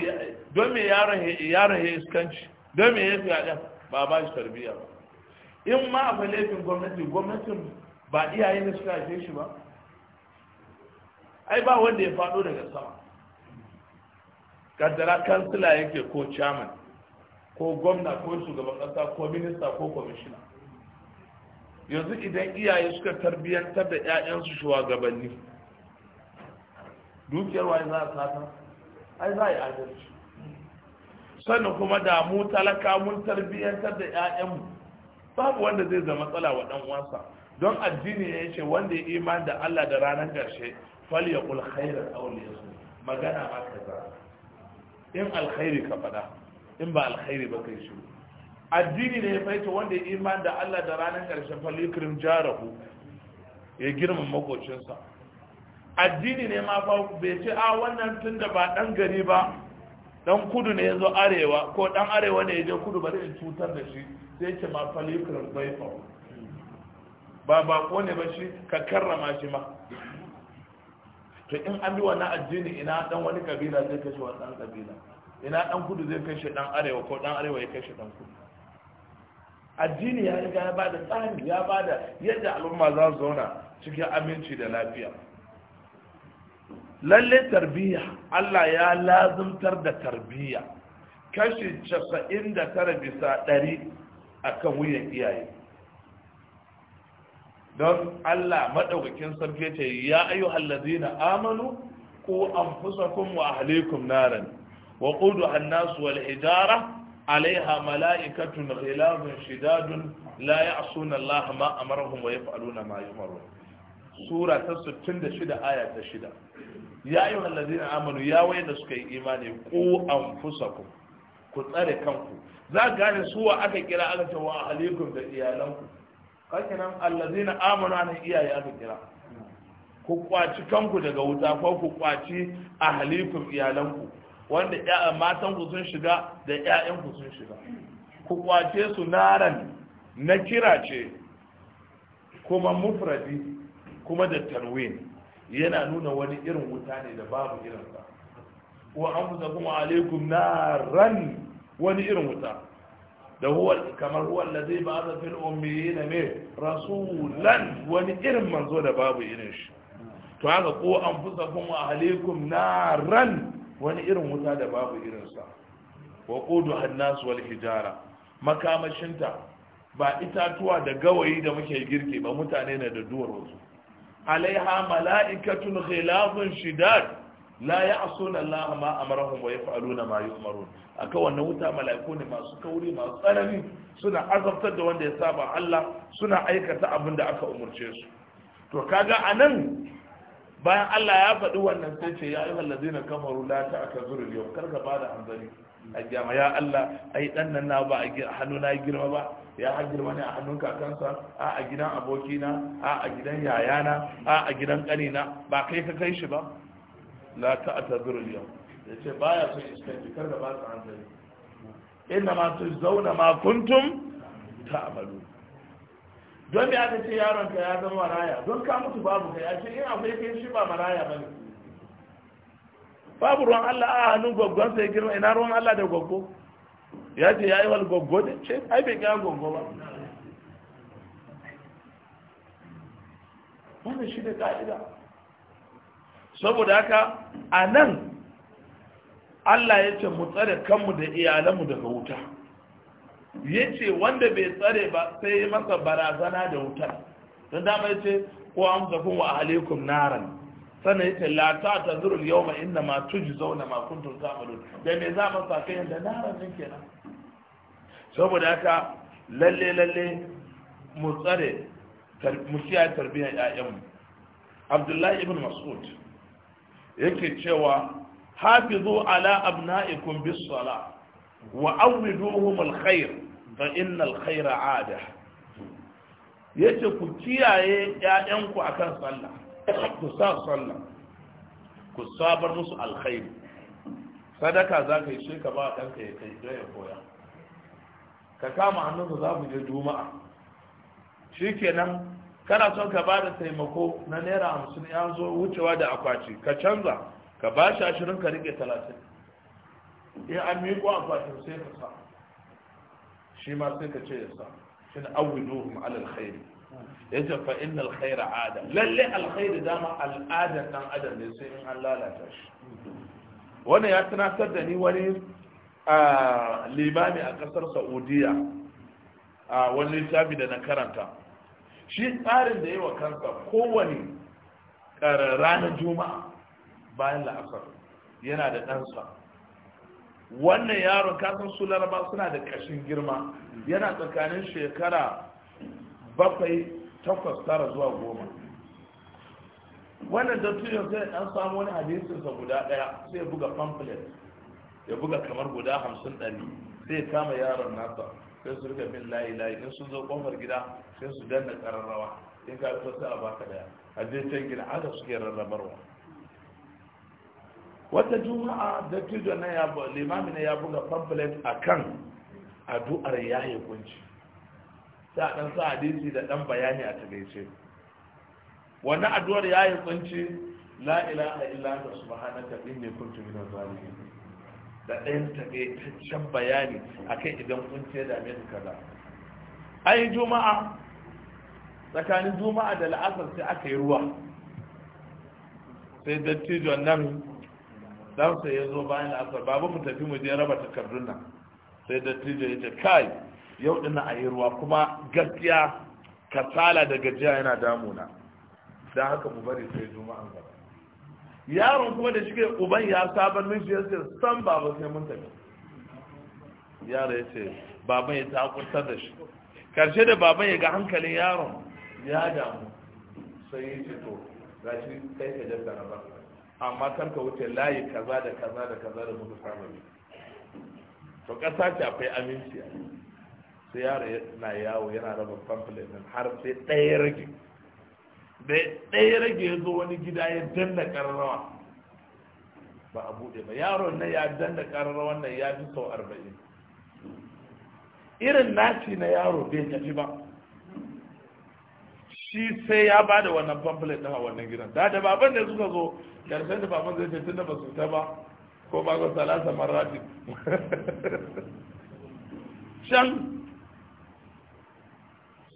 don me yaron ya iskanci don me ya fiye ba ba shi tarbiyya ba in ma akwai laifin gwamnati gwamnatin ba iyaye ne suka shi ba ai ba wanda ya faɗo daga sama kaddara kansila yake ko chairman ko gwamna ko shugaban kasa ko minista ko kwamishina yanzu idan iyaye suka tarbiyyantar da 'ya'yansu shugabanni dukiyar waye za a sata ai za a yi adalci sannan kuma da mu talaka mun tarbiyyantar da 'ya'yanmu babu wanda zai zama tsala wa dan wasa don addini ya ce wanda ya iman da Allah da ranar gashe fal yaqul khairan aw liyasmut magana ma kaza in alkhairi ka faɗa in ba alkhairi ba kai shi addini ne ya ita wanda ya iman da Allah da ranar ƙarshen falikrim jarahu ya girma makocinsa addini ne ma fa bai ce a ah, wannan tunda ba ɗan gari ba dan kudu ne yazo arewa ko dan arewa ne yaje kudu ba in cutar da shi sai ce ma falikrim bai fa ba ba ne ba shi ka karrama shi ma to in an bi wannan addini ina dan wani kabila zai kashe wani dan kabila ina dan kudu zai kashe dan arewa ko dan arewa ya kashe dan kudu addini ya riga ya bada tsari ya bada yadda al'umma za su zauna cikin aminci da lafiya lalle tarbiyya Allah ya lazumtar da tarbiyya kashi 99 bisa 100 akan wuyan iyaye don Allah madaukakin sarki ce ya ayyuhal ladina amanu ku anfusakum wa ahlikum naran wa quduha an-nas wal hijara alaiha mala'ikatun ghilazun shidadun la ya'suna Allah ma amarahum wa yaf'aluna ma yu'marun sura ta sittin 66 aya ta shida. ya ayyuhal ladina amanu ya da suka yi imani ku anfusakum ku tsare kanku za gane su wa aka kira aka ce wa ahlikum da iyalanku kake nan allazina amanu an iyaye aka kira ku kwaci kanku daga wuta ko ku kwaci ahlikum iyalanku wanda matan ku sun shiga da ƴaƴan ku sun shiga ku kwace su naran na kira ce kuma mufradi kuma da tarwin yana nuna wani irin wuta ne da babu irinsa wa kuma alaikum naran wani irin wuta da huwa kamar huwa allazi ba'atha fil ummiyin me rasulan wani irin manzo da babu irin shi to haka ko anfusakum wa ahlikum naran wani irin wuta da babu irin sa wa qudu hannas wal hijara makamashinta ba itatuwa da gawayi da muke girki ba mutane ne da duwar wasu alaiha mala'ikatun khilafun shidad la ya asuna Allah ma amarahum wa na ma yu'marun aka wannan wuta mala'iku ne masu kauri masu tsanani suna azabtar da wanda ya saba Allah suna aikata abin da aka umurce su to kaga anan bayan Allah ya faɗi wannan sai ce ya ayyuhal ladina kafaru la ta'tazuru al-yawm karka bada hanzari a jama ya Allah ai dan nan na ba a hannu na girma ba ya ha girma ne a hannun kakansa a a gidan abokina a a gidan yayana a a gidan ƙanina, ba kai ka kai shi ba la ta'tadiru al-yawm ce baya so iskanci kar da ba su hankali inda ma zauna ma kuntum amalu don me aka ce yaron ka ya zama maraya don ka mutu babu kai ce in akwai kai shi ba maraya ba ne. babu ruwan Allah a hannun gwaggon sai girma ina ruwan Allah da gwaggo ya ce ya yi wal gwaggo da ce ai bai ga gwaggo ba wannan shi da ka'ida saboda haka a nan Allah ya ce mu tsare kanmu da iyalanmu daga wuta ya ce wanda bai tsare ba sai yi masa barazana da wutar don dama ya ce ko an zafin wa alaikum naran sannan ya ce 'Lata ta zuru yau ma inna ma tuji zauna ma kuntun samun da me za mu sa kai yadda naran ne kenan saboda haka lalle lalle mu tsare mu kiyaye tarbiyyar 'ya'yanmu abdullahi ibn mas'ud yake cewa hafizu ala abna'ikum bis sala wa awwiduhum alkhair fa innal khaira ada yace ku kiyaye ƴaƴanku akan sallah ku sa sallah ku sabar musu alkhair sadaka za ka yi sai ka ba ɗanka ya kai don ya koya ka kama hannunsa za mu je juma'a shikenan kana son ka ba da taimako na naira hamsin ya zo wucewa da akwati ka canza ka ba shi ashirin ka rike talatin in an miƙo akwatin sai ka sa shi ma sai ka ce ya sa shi ne ma alal khairi yace fa innal khaira ada lalle alkhairi dama al'adar dan adam ne sai in an lalata shi wannan ya tunatar da ni wani limami a kasar saudiya a wani littafi da na karanta shi tsarin da yi wa kansa kowane ranar juma'a bayan la'asar yana da ɗansa wannan yaron kasan su laraba suna da ƙashin girma yana tsakanin shekara bakwai takwas tara zuwa goma wannan dattijan sai ɗan samu wani hadisinsa guda ɗaya sai ya buga pamphlet ya buga kamar guda hamsin ɗari sai ya kama yaron nasa sai su rika bin layi layi in sun zo kofar gida sai su danna kararrawa in ka fito sai a baka daya a je can gida haka suke rarrabarwa wata juma'a da tijo na ya limami ne ya buga pamphlet akan addu'ar yaye kunci sai a dan sa hadisi da dan bayani a tagaice wannan addu'ar yaye kunci la ilaha illa anta subhanaka inni kuntu minaz zalimin da ɗayan takaitaccen bayani a kai idan kunci ya dame ka kaza yi juma'a tsakanin juma'a da la'asar sai aka yi ruwa sai dattijon nan sai ya zo bayan la'asar babu mu tafi mu je raba takardun nan sai dattijo ya ce kai yau ɗina a yi ruwa kuma gaskiya kasala da gajiya yana damuna don haka mu bari sai juma'a gaba yaron kuma da shi uban ya sabon min shi ya ce san baba sai mun tafi yaro ya ce baban ya takurtar da shi karshe da baban ya ga hankalin yaron ya damu sai ya ce to shi kai ka jadda na ba amma kan ka wuce layi kaza da kaza da kaza da musu samun ne to kasa ce akwai aminci sai yaro na yawo yana raba pamphlet har sai ɗaya rage da ɗaya rage ya zo wani gida ya danna ƙararrawa ba a buɗe ba yaron na ya danna ƙararrawan nan ya fi sau arba'in irin nasi na yaro bai tafi ba shi sai ya ba da wannan pamphlet ɗin a wannan gidan da da baban da suka zo karshen da baban zai ce tun da ba su ta ba ko ba ga salasa marati can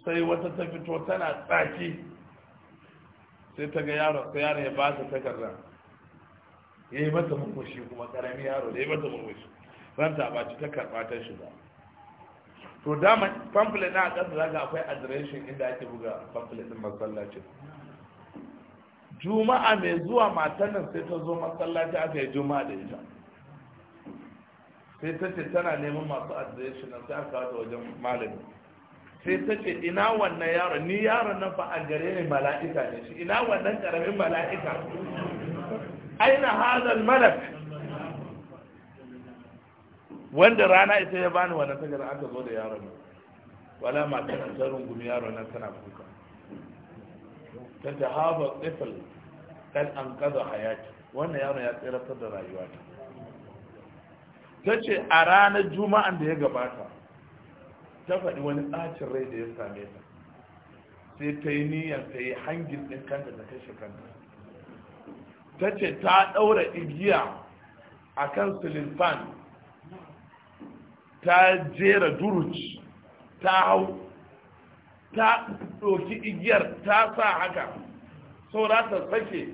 sai wata ta fito tana tsaki sai ta ga yaro sai yaro ya ba ta takardar ya yi mata murmushi kuma karami yaro da ya yi mata murmushi ta ba ta karɓa ta shiga to dama pamphlet na ƙasa zaga akwai adireshin inda ake buga pamphlet ɗin masallacin juma'a mai zuwa matan nan sai ta zo masallaci aka yi juma'a da ita sai ta ce tana neman masu adireshin nan sai aka wata wajen malamin sai ta ce ina wannan yaron ni yaron nan fa a gare ni mala'ika ne shi ina wannan karamin mala'ika aina hadal malak wanda rana ita ya bani wannan tagar aka zo da yaron nan wala ma ta zarun gumi yaron nan tana kuka ta tahaba tsifil kan an kaza hayati wannan yaron ya tsira da rayuwata ta ce a ranar juma'an da ya gabata ta faɗi wani ɓacin rai da ya same ta sai ta yi niyyar ta yi hangin ɗin kanta da kashe kanta ta ce ta ɗaura igiya a kan sulifan ta jera duruc ta hau ta ɗoki igiyar ta sa haka saura ta sake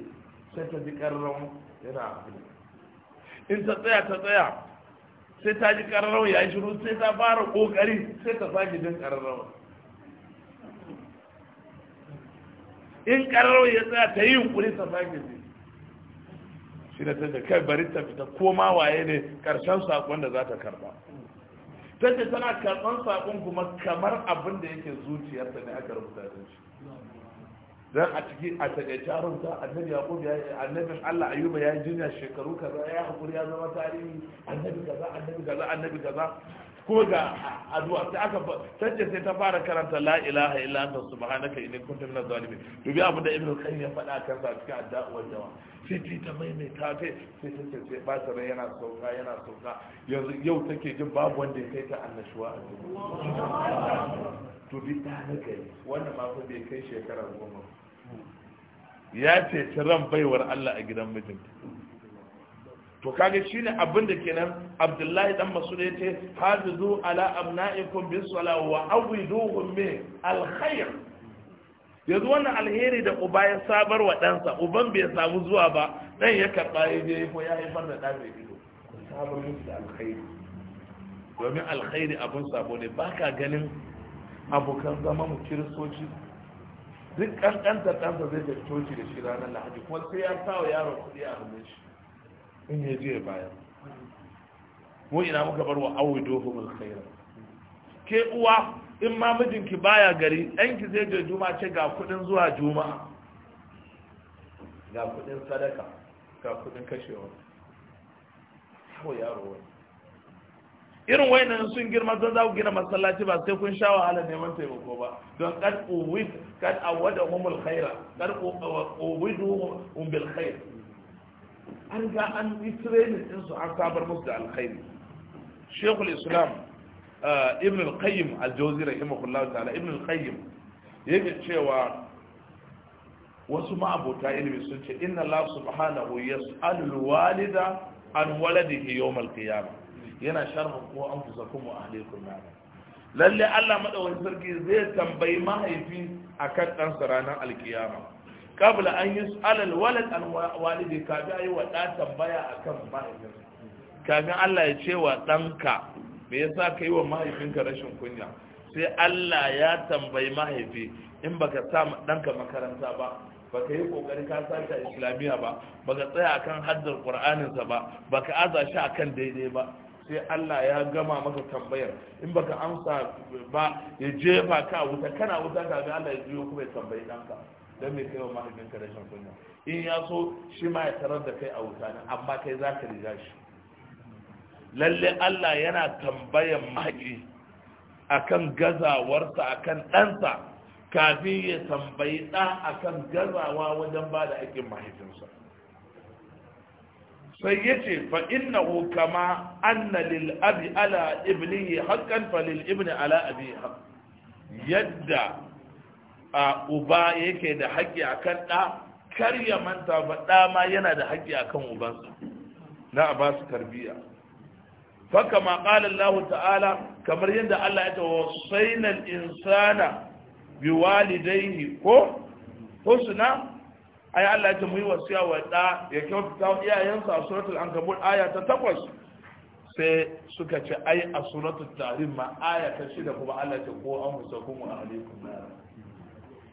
sai ta ji ƙararrawa yana abu in ta tsaya ta tsaya sai ta ji kararrawa ya shiru sai ta fara ƙoƙari sai ta sake jin kararrawa in kararrawa ya tsaya ta yi yunƙuri ta sake ji shi da ta kai bari ta fita koma waye ne ƙarshen saƙon da za ta karɓa ta ce tana karɓan saƙon kuma kamar abin da yake zuciyarta ne aka rubuta da shi dan a ciki a takaice a annabi yaqub ya Annabi Allah ayyuba ya jinya shekaru kaza ya hakuri ya zama tarihi annabi kaza annabi kaza annabi kaza ko ga addu'a sai aka tace sai ta fara karanta la ilaha illa anta subhanaka inni kuntu minaz zalimin dubi abu da ibnu qayyim ya faɗa kan sa cikin addu'a wal jama'a sai ta ta maimaita ta sai ta ce sai ba rai yana sauka yana sauka yanzu yau take jin babu wanda ya kai ta annashuwa a duniya to bi ta na gari wannan ma fa bai kai shekara goma ya ceci ran baiwar Allah a gidan mijinta to kaga shine abin da kenan Abdullahi dan Mas'ud yace ce ala abnaikum bis sala wa awiduhum min alkhair yanzu wannan alheri da uba ya sabar wa ɗansa uban bai samu zuwa ba dan ya karba ya je ko ya haifar da ɗan mai ido sabar musu da alkhairi domin alkhairi abin sabo ne baka ganin abokan zama mu kiristoci duk kankantar ɗansa zai tafi coci da shi ranar lahadi kuma sai ya sawa yaron kuɗi a hannun shi in ya je bayan mu ina muka bar wa awi dohumul khaira ke uwa in ma mijinki baya gari ɗanki zai je juma ce ga kuɗin zuwa juma'a ga kuɗin sadaka ga kuɗin kashewa kawai yaro wani irin wayannan sun girma za za ku gina masallaci ba sai kun sha wahala neman taimako ba don kad uwid kad awada humul khaira kad uwidu hum bil khair an ga an yi din su an sabar musu da alkhairi shekul islam ibn al-qayyim al-jawzi rahimahullahu ta'ala ibn al-qayyim yake cewa wasu ma'abota ilimi sun ce inna allah subhanahu yas'alul walida an waladihi yawm al-qiyamah yana sharhu ko an fusa kuma a alaikun nana lalle allah maɗaukakin sarki zai tambayi mahaifi a kan ɗansa ranar alkiyama kabla an yi alal walad an walidi kafin a yi wa ɗa tambaya a kan mahaifinsa kafin allah ya ce wa ɗanka me yasa ka yi wa mahaifinka rashin kunya sai allah ya tambayi mahaifi in baka sa ɗanka makaranta ba baka yi kokari ka sashi a islamiyya ba baka tsaya akan haddar qur'aninsa ba baka aza shi akan daidai ba sai Allah ya gama maka tambayar in baka amsa ba ya jefa ka wuta kana wuta ka ga Allah ya jiyo kuma ya tambayi danka don me kai wa mahaifinka rashin kunya in ya so shi ma ya tarar da kai a wuta ne amma kai za ka riga shi lalle Allah yana tambayan mahaƙi akan gazawarsa akan ɗansa kafin ya tambayi ɗa akan gazawa wajen ba da aikin mahaifinsa sai ya ce fa kama anna lil abi ala ibnihi haqqan fa lil ibni ala abi yadda a uba yake da haƙƙi akan ɗa kar ya manta ba ɗa ma yana da haƙƙi akan ubansa na a ba su tarbiyya fa kama qala Allah ta'ala kamar yadda Allah ya ce sainan insana bi biwalidayhi ko husna ai Allah ya ce mu yi wasiya wa da ya kyautata wa iyayensa a suratul ankabut aya ta takwas sai suka ce ai a suratul tarim ma aya ta shida kuma Allah ya ce ko an musakum wa alaikum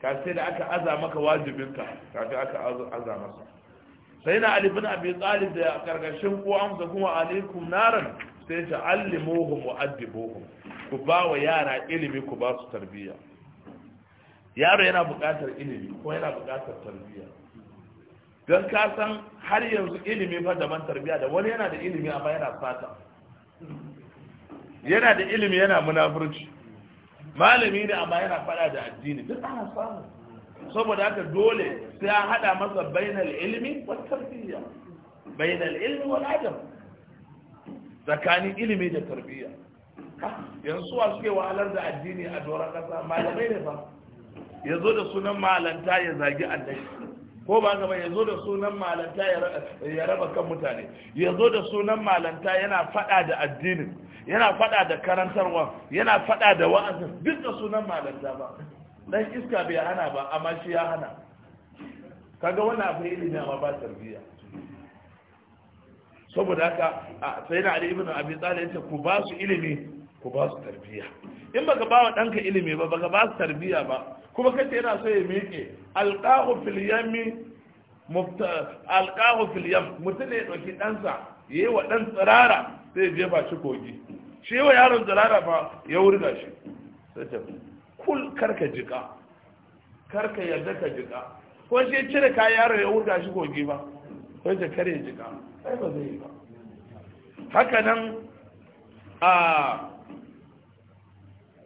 ka sai da aka aza maka wajibinka kafin aka aza masa sai na ali bin abi talib da karkashin ko an musakum wa alaikum naran sai ta allimuhum wa addibuhum ku ba wa yara ilimi ku ba su tarbiyya yaro yana buƙatar ilimi ko yana buƙatar tarbiyya don ka san har yanzu ilimi fa daban tarbiya da wani yana da ilimi amma yana fata yana da ilimi yana munafurci malami ne amma yana fada da addini duk ana samu saboda haka dole sai an hada masa bainal ilimi wa tarbiyya bainal ilimi wani adam Tsakani ilimi da tarbiyya yanzu wa suke wahalar da addini a doron kasa malamai ne ba ya zo da sunan malanta ya zagi annabi ko ba gaba ya zo da sunan malanta ya raba kan mutane ya zo da sunan malanta yana fada da addinin yana fada da karantarwa yana fada da wa'azin duk da sunan malanta ba dan iska bai hana ba amma shi ya hana kaga wannan abu ilimi amma ba tarbiyya saboda haka sai na ali ibn abi talib yace ku ba su ilimi ku ba su tarbiyya in baka ba wa ɗanka ilimi ba baka ba su tarbiyya ba kuma kace yana so ya miƙe alqahu fil yami alqahu fil yam mutum ya ɗauki ɗansa yayi wa ɗan tsirara sai ya jefa shi kogi shi wa yaron tsirara fa ya wurga shi sai ta kul karka jika karka yarda ka jika ko shi cire ka yaro ya wurga shi kogi ba sai ta kare jika sai ba zai yi ba haka nan a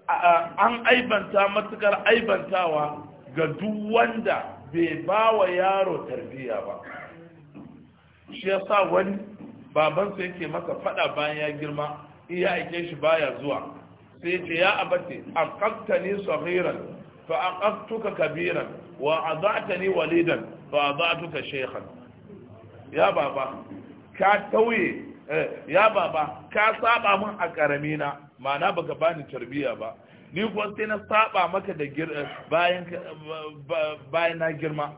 an aibanta matukar aibantawa ga duk wanda bai ba wa yaro tarbiyya ba shi ya sa wani babansa yake masa fada bayan ya girma iya aike shi baya zuwa sai ce ya abate an kakta ne sahiran fa an kaktuka kabiran wa ta ne walidan fa azatuka shekhan ya baba ka tauye eh, ya baba ka saba mun a karamina ma'ana baka bani tarbiya ba ni kuwa sai na saba maka da bayan na girma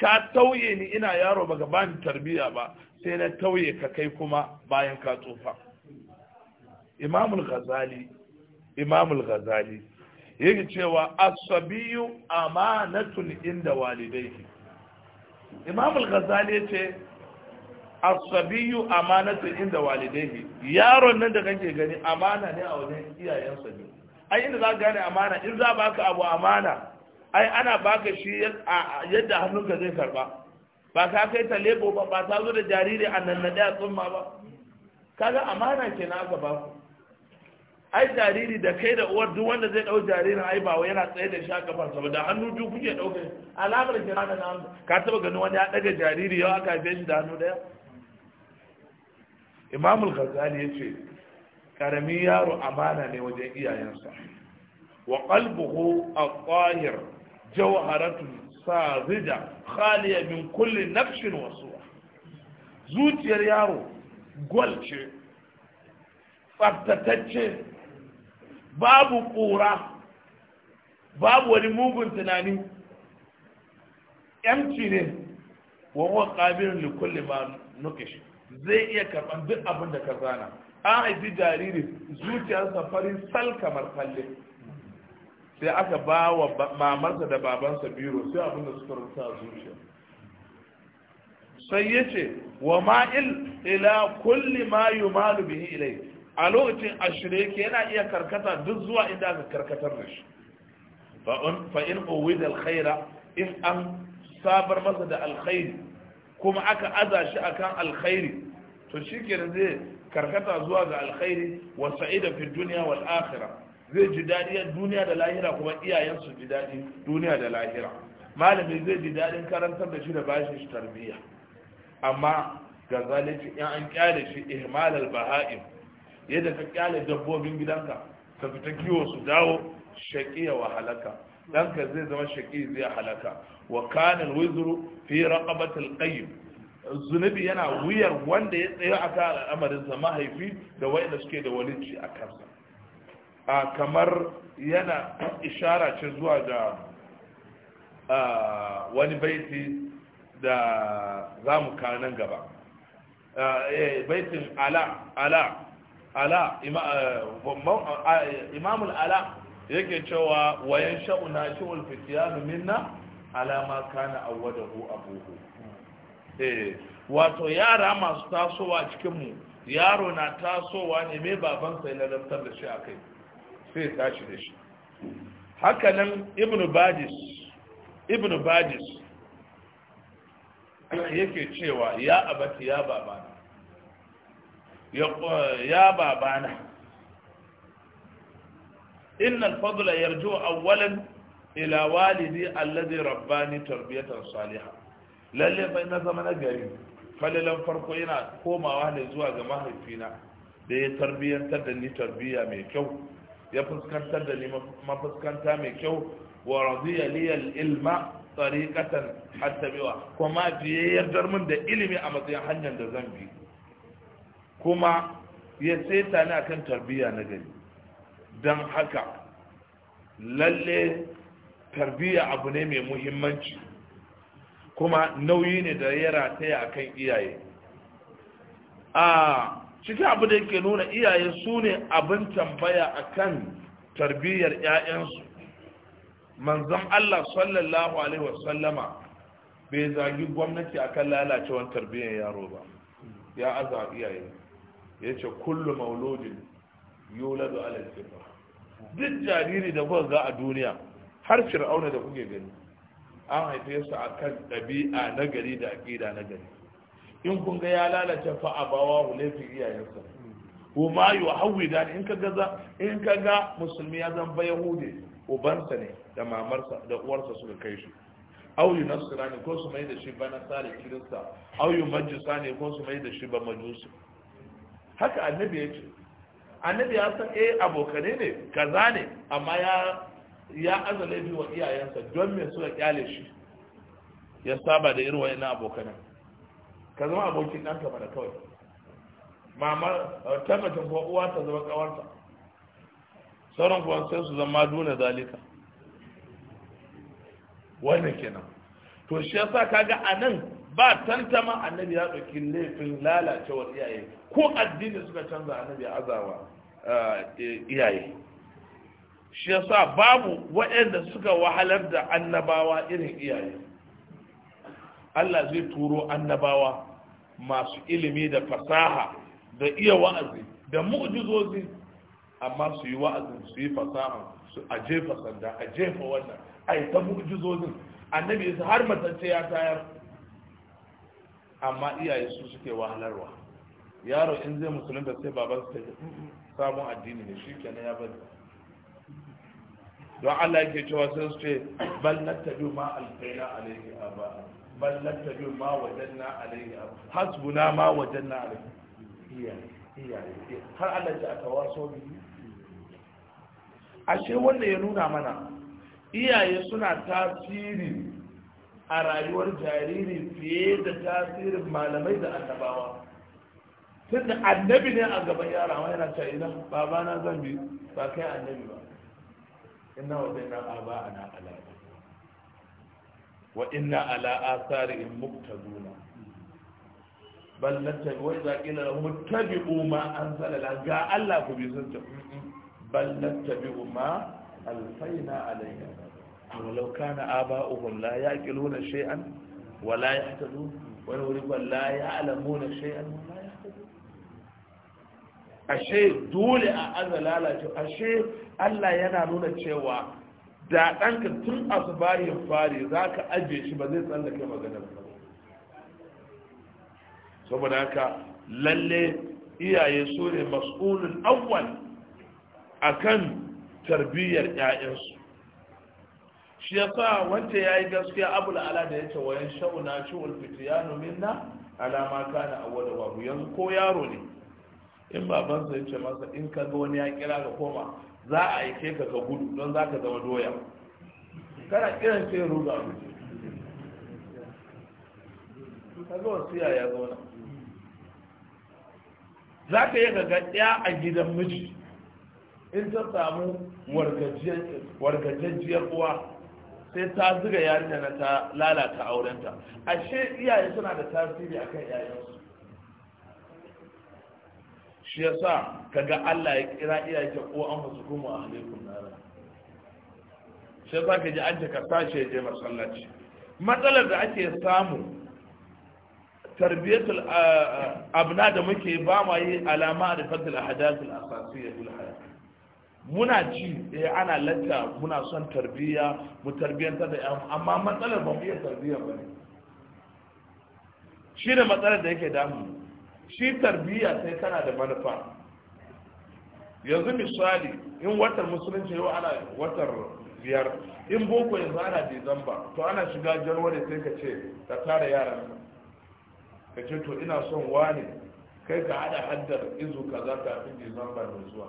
ka tauye ni ina yaro baka bani tarbiya ba sai na tauye ka kai kuma bayan ka tsufa imamul ghazali imamul ghazali yake cewa asabiyu amanatun inda walidai. imamul ghazali yace asabiyu amanatun inda walidaihi yaron nan da kake gani amana ne a wajen iyayensa ne ai inda za ka gane amana in za baka abu amana ai ana baka shi yadda hannunka zai karba ba ka kai ta lebo ba ba ta zo da jariri a nan na daya tsumma ba kaga amana ke na aka ku? ai jariri da kai da uwar duk wanda zai dau jaririn ai ba wai yana tsaye da shi a ba da hannu duk kuke dauke alamar ke nan ka taba ganin wani ya daga jariri yau aka haife shi da hannu daya imam al-ghazali yace karami yaro amana ne wajen iyayensa wa qalbuhu at-tahir jawharatun sazija khaliya min kulli nafsin wasuwa zuciyar yaro gwal ce tsaftatacce babu ƙura babu wani mugun tunani yamci ne wa huwa qabilun li kulli ma nukishi zai iya karɓan duk abin da ka zana an haifi jariri zuciyarsa farin sal kamar falle sai aka ba wa mamarsa da babansa biro sai abin da suka rubuta zuciya sai ya ce wa ma'il ila kulli ma malu bihi ilai a lokacin ashirya ke yana iya karkata duk zuwa inda aka karkatar da shi fa in uwida alkhaira in an sabar masa da alkhairi kuma aka aza shi akan alkhairi to shi da zai karkata zuwa ga alkhairi wa sa'ida fi duniya wal akhirah zai ji daɗi duniya da lahira kuma iyayen su ji daɗi duniya da lahira malami zai ji daɗin karantar da shi da bashi shi tarbiyya amma ga zalici in an kyale shi ihmalal baha'im yadda ka kyale dabbobin gidanka ka fita kiwo su dawo shaqiya wa halaka danka zai zama shaqi zai halaka wa kana alwizru fi raqabati alqayyim zunubi yana wuyar wanda ya tsaye a kan al'amarinsa mahaifi da da suke da walici a kansa a kamar yana ishara ce zuwa ga wani baiti da za mu nan gaba eh, baitin ala ala ala imamul ala yake cewa wayan sha'una shi'ul fitiyanu minna ala ma kana awwadahu abuhu Eh, wato yara masu tasowa cikinmu yaro na tasowa ne mai babansa ya lantar da shi a kai sai tashi da shi hakanan ibn badis ibn badis yake cewa ya abati ya babana ya babana innal fadla yarju awwalan ila walidi alladhi rabbani tarbiyatan salihah lalle mai na zama na gari falalan farko yana komawa ne zuwa ga mahaifina da ya tarbiyyantar da ni tarbiyya mai kyau ya fuskantar da ni mafuskanta mai kyau wa radiya liyal ilma tariqatan hatta biwa kuma biye yardar min da ilimi a matsayin hanyar da zan bi kuma ya saita ni akan tarbiyya na gari dan haka lalle tarbiyya abu ne mai muhimmanci kuma nauyi ne da ya rataya a kan iyaye a ciki abu da yake nuna iyaye su ne abin tambaya a kan tarbiyyar 'ya'yansu manzan allah sallallahu alaihi wasallama bai zagi gwamnati a kan lalacewar tarbiyyar yaro ba ya aza iyaye ya ce kullu mauludin yuladu ala fitra duk jariri da kuka ga a duniya har shir'auna da kuke gani an haife su a kan ɗabi'a na gari da aƙida na gari in kun ga ya lalace fa a hu laifin iyayensa ko ma yi hawida in ka ga in ka ga musulmi ya zan bai hude ubansa ne da mamarsa da uwarsa suka kai shi au yi nasira ne ko su mai da shi bana tsarin tsari kirista au yi majusa ne ko su mai da shi ba majusi haka annabi ya ce annabi ya san eh abokane ne kaza ne amma ya ya aza laifi wa iyayensa don me suka kyale shi ya saba da irin wani abokan ka zama abokin ɗanka da kawai mama ta mace ko uwa ta zama kawarta sauran kuwa sai su zama duna zalika wannan kenan to shi yasa kaga anan ba tantama annabi ya ɗauki laifin lalacewar iyaye ko addini suka canza annabi azawa eh, iyaye shi yasa babu waɗanda suka wahalar da annabawa irin iyaye Allah zai turo annabawa masu ilimi da fasaha da iya wa'azi da mu'jizozi amma su yi wa'azin su yi fasaha su a jefa sanda a jefa wannan a yi ta mu'jizozin annabi har matance ya tayar amma iyaye su suke wahalarwa yaro in zai musulunta sai baban sai samun addini ne shi kenan ya bari don Allah yake cewa sun ce bal ta ma alfaina alaihi ba, bal nattabi ma na alaihi aba hasbuna ma wajanna alaihi iya iya har Allah ya tawaso bi ashe wanda ya nuna mana iyaye suna tasiri a rayuwar jariri fiye da tasirin malamai da annabawa tunda annabi ne a gaban yara wani yana cewa ina babana zan bi ba kai annabi ba inna wa zaina aba ana ala wa inna ala asarihim muqtaduna bal lattabi wa idza qila lahum ittabi'u ma anzala la ga Allah ku bi sun ta bal lattabi'u ma alfaina alayna ولو كان آباؤهم لا يعقلون شيئا ولا يهتدون ونورك لا يعلمون شيئا ولا ashe dole a aza lalace ashe Allah yana nuna cewa da ɗanka tun asubahin fari za ka ajiye shi ba zai tsallake maganar ba saboda haka lalle iyaye su ne mas'ulun awwal kan tarbiyyar 'ya'yansu shi ya sa wanda ya yi gaskiya abul ala da ya ce wayan sha'una ciwul fitiyanu minna alama kana awwala babu yanzu ko yaro ne in babansa ya ce masa in ka ga wani ya kira ka koma za a aike ka ka gudu don za ka zama doya kana kiran sai ruga ka ga wasu ya zauna za ka yi ga ɗaya a gidan miji in ta samu wargajajjiyar uwa sai ta zuga yarinya na ta lalata aurenta ashe iyaye suna da tasiri akan yayansu shi sa kaga Allah ya kira iya ke ko an musu kuma halittun nara ya sa ka ji an ka tashi je masallaci matsalar da ake samu tarbiyatul abna da muke ba ma yi alama da fadil ahadathul asasiyya fil hayat muna ci eh ana lacca muna son tarbiyya mu tarbiyyanta da yan amma matsalar ba mu iya tarbiyya ba ne shi ne matsalar da yake damu shi tarbiyya sai tana da manufa yanzu misali in watan musulunci yau ana watar biyar in boko yanzu ana Dezamba, to ana shiga januwari sai ka ce ka tara yaran ka ce to ina son wani kai ka hada haddar izu kaza kafin Dezamba da zuwa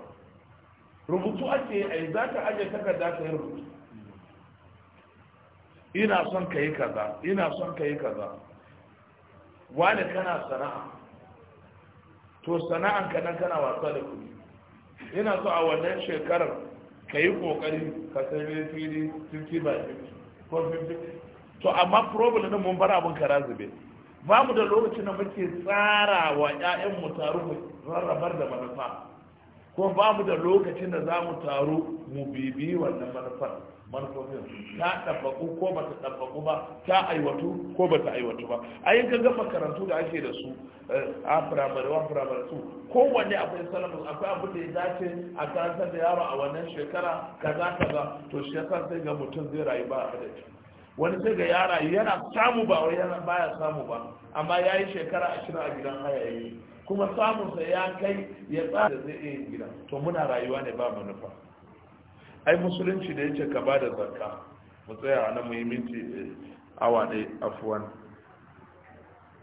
rubutu ake ai za ka aje takarda ka yi rubutu ina son ka yi kaza ina son ka yi kaza wani kana sana'a to sana'an ka nan kana wasa da kuɗi ina so a wannan shekarar ka yi ƙoƙari ka sai fili 50 by 50 ko 50 to amma problem din mun bar abin kara zube ba mu da lokacin da muke tsara wa yayan mu mu rarrabar da manufa ko ba mu da lokacin da za mu taru mu bibi wannan manufar manufofin ta ɗabbaƙu ko ba ta ɗabbaƙu ba ta aiwatu ko ba ta aiwatu ba a yin ganga makarantu da ake da su eh, a firamare wa firamare su kowanne akwai salamu akwai abu da ya dace a karantar da yaro a wannan shekara kaza kaza to shekar sai ga mutum zai rayu ba a da wani sai ga yara yana samu ba wai yana baya samu ba amma ya yi shekara ashirin a gidan haya yayi kuma samunsa ya kai ya tsara zai iya yin gida to muna rayuwa ne ba manufa ai musulunci da yake ka ba da zakka mu tsaya a nan muhimmanci eh, awa ɗaya afuwan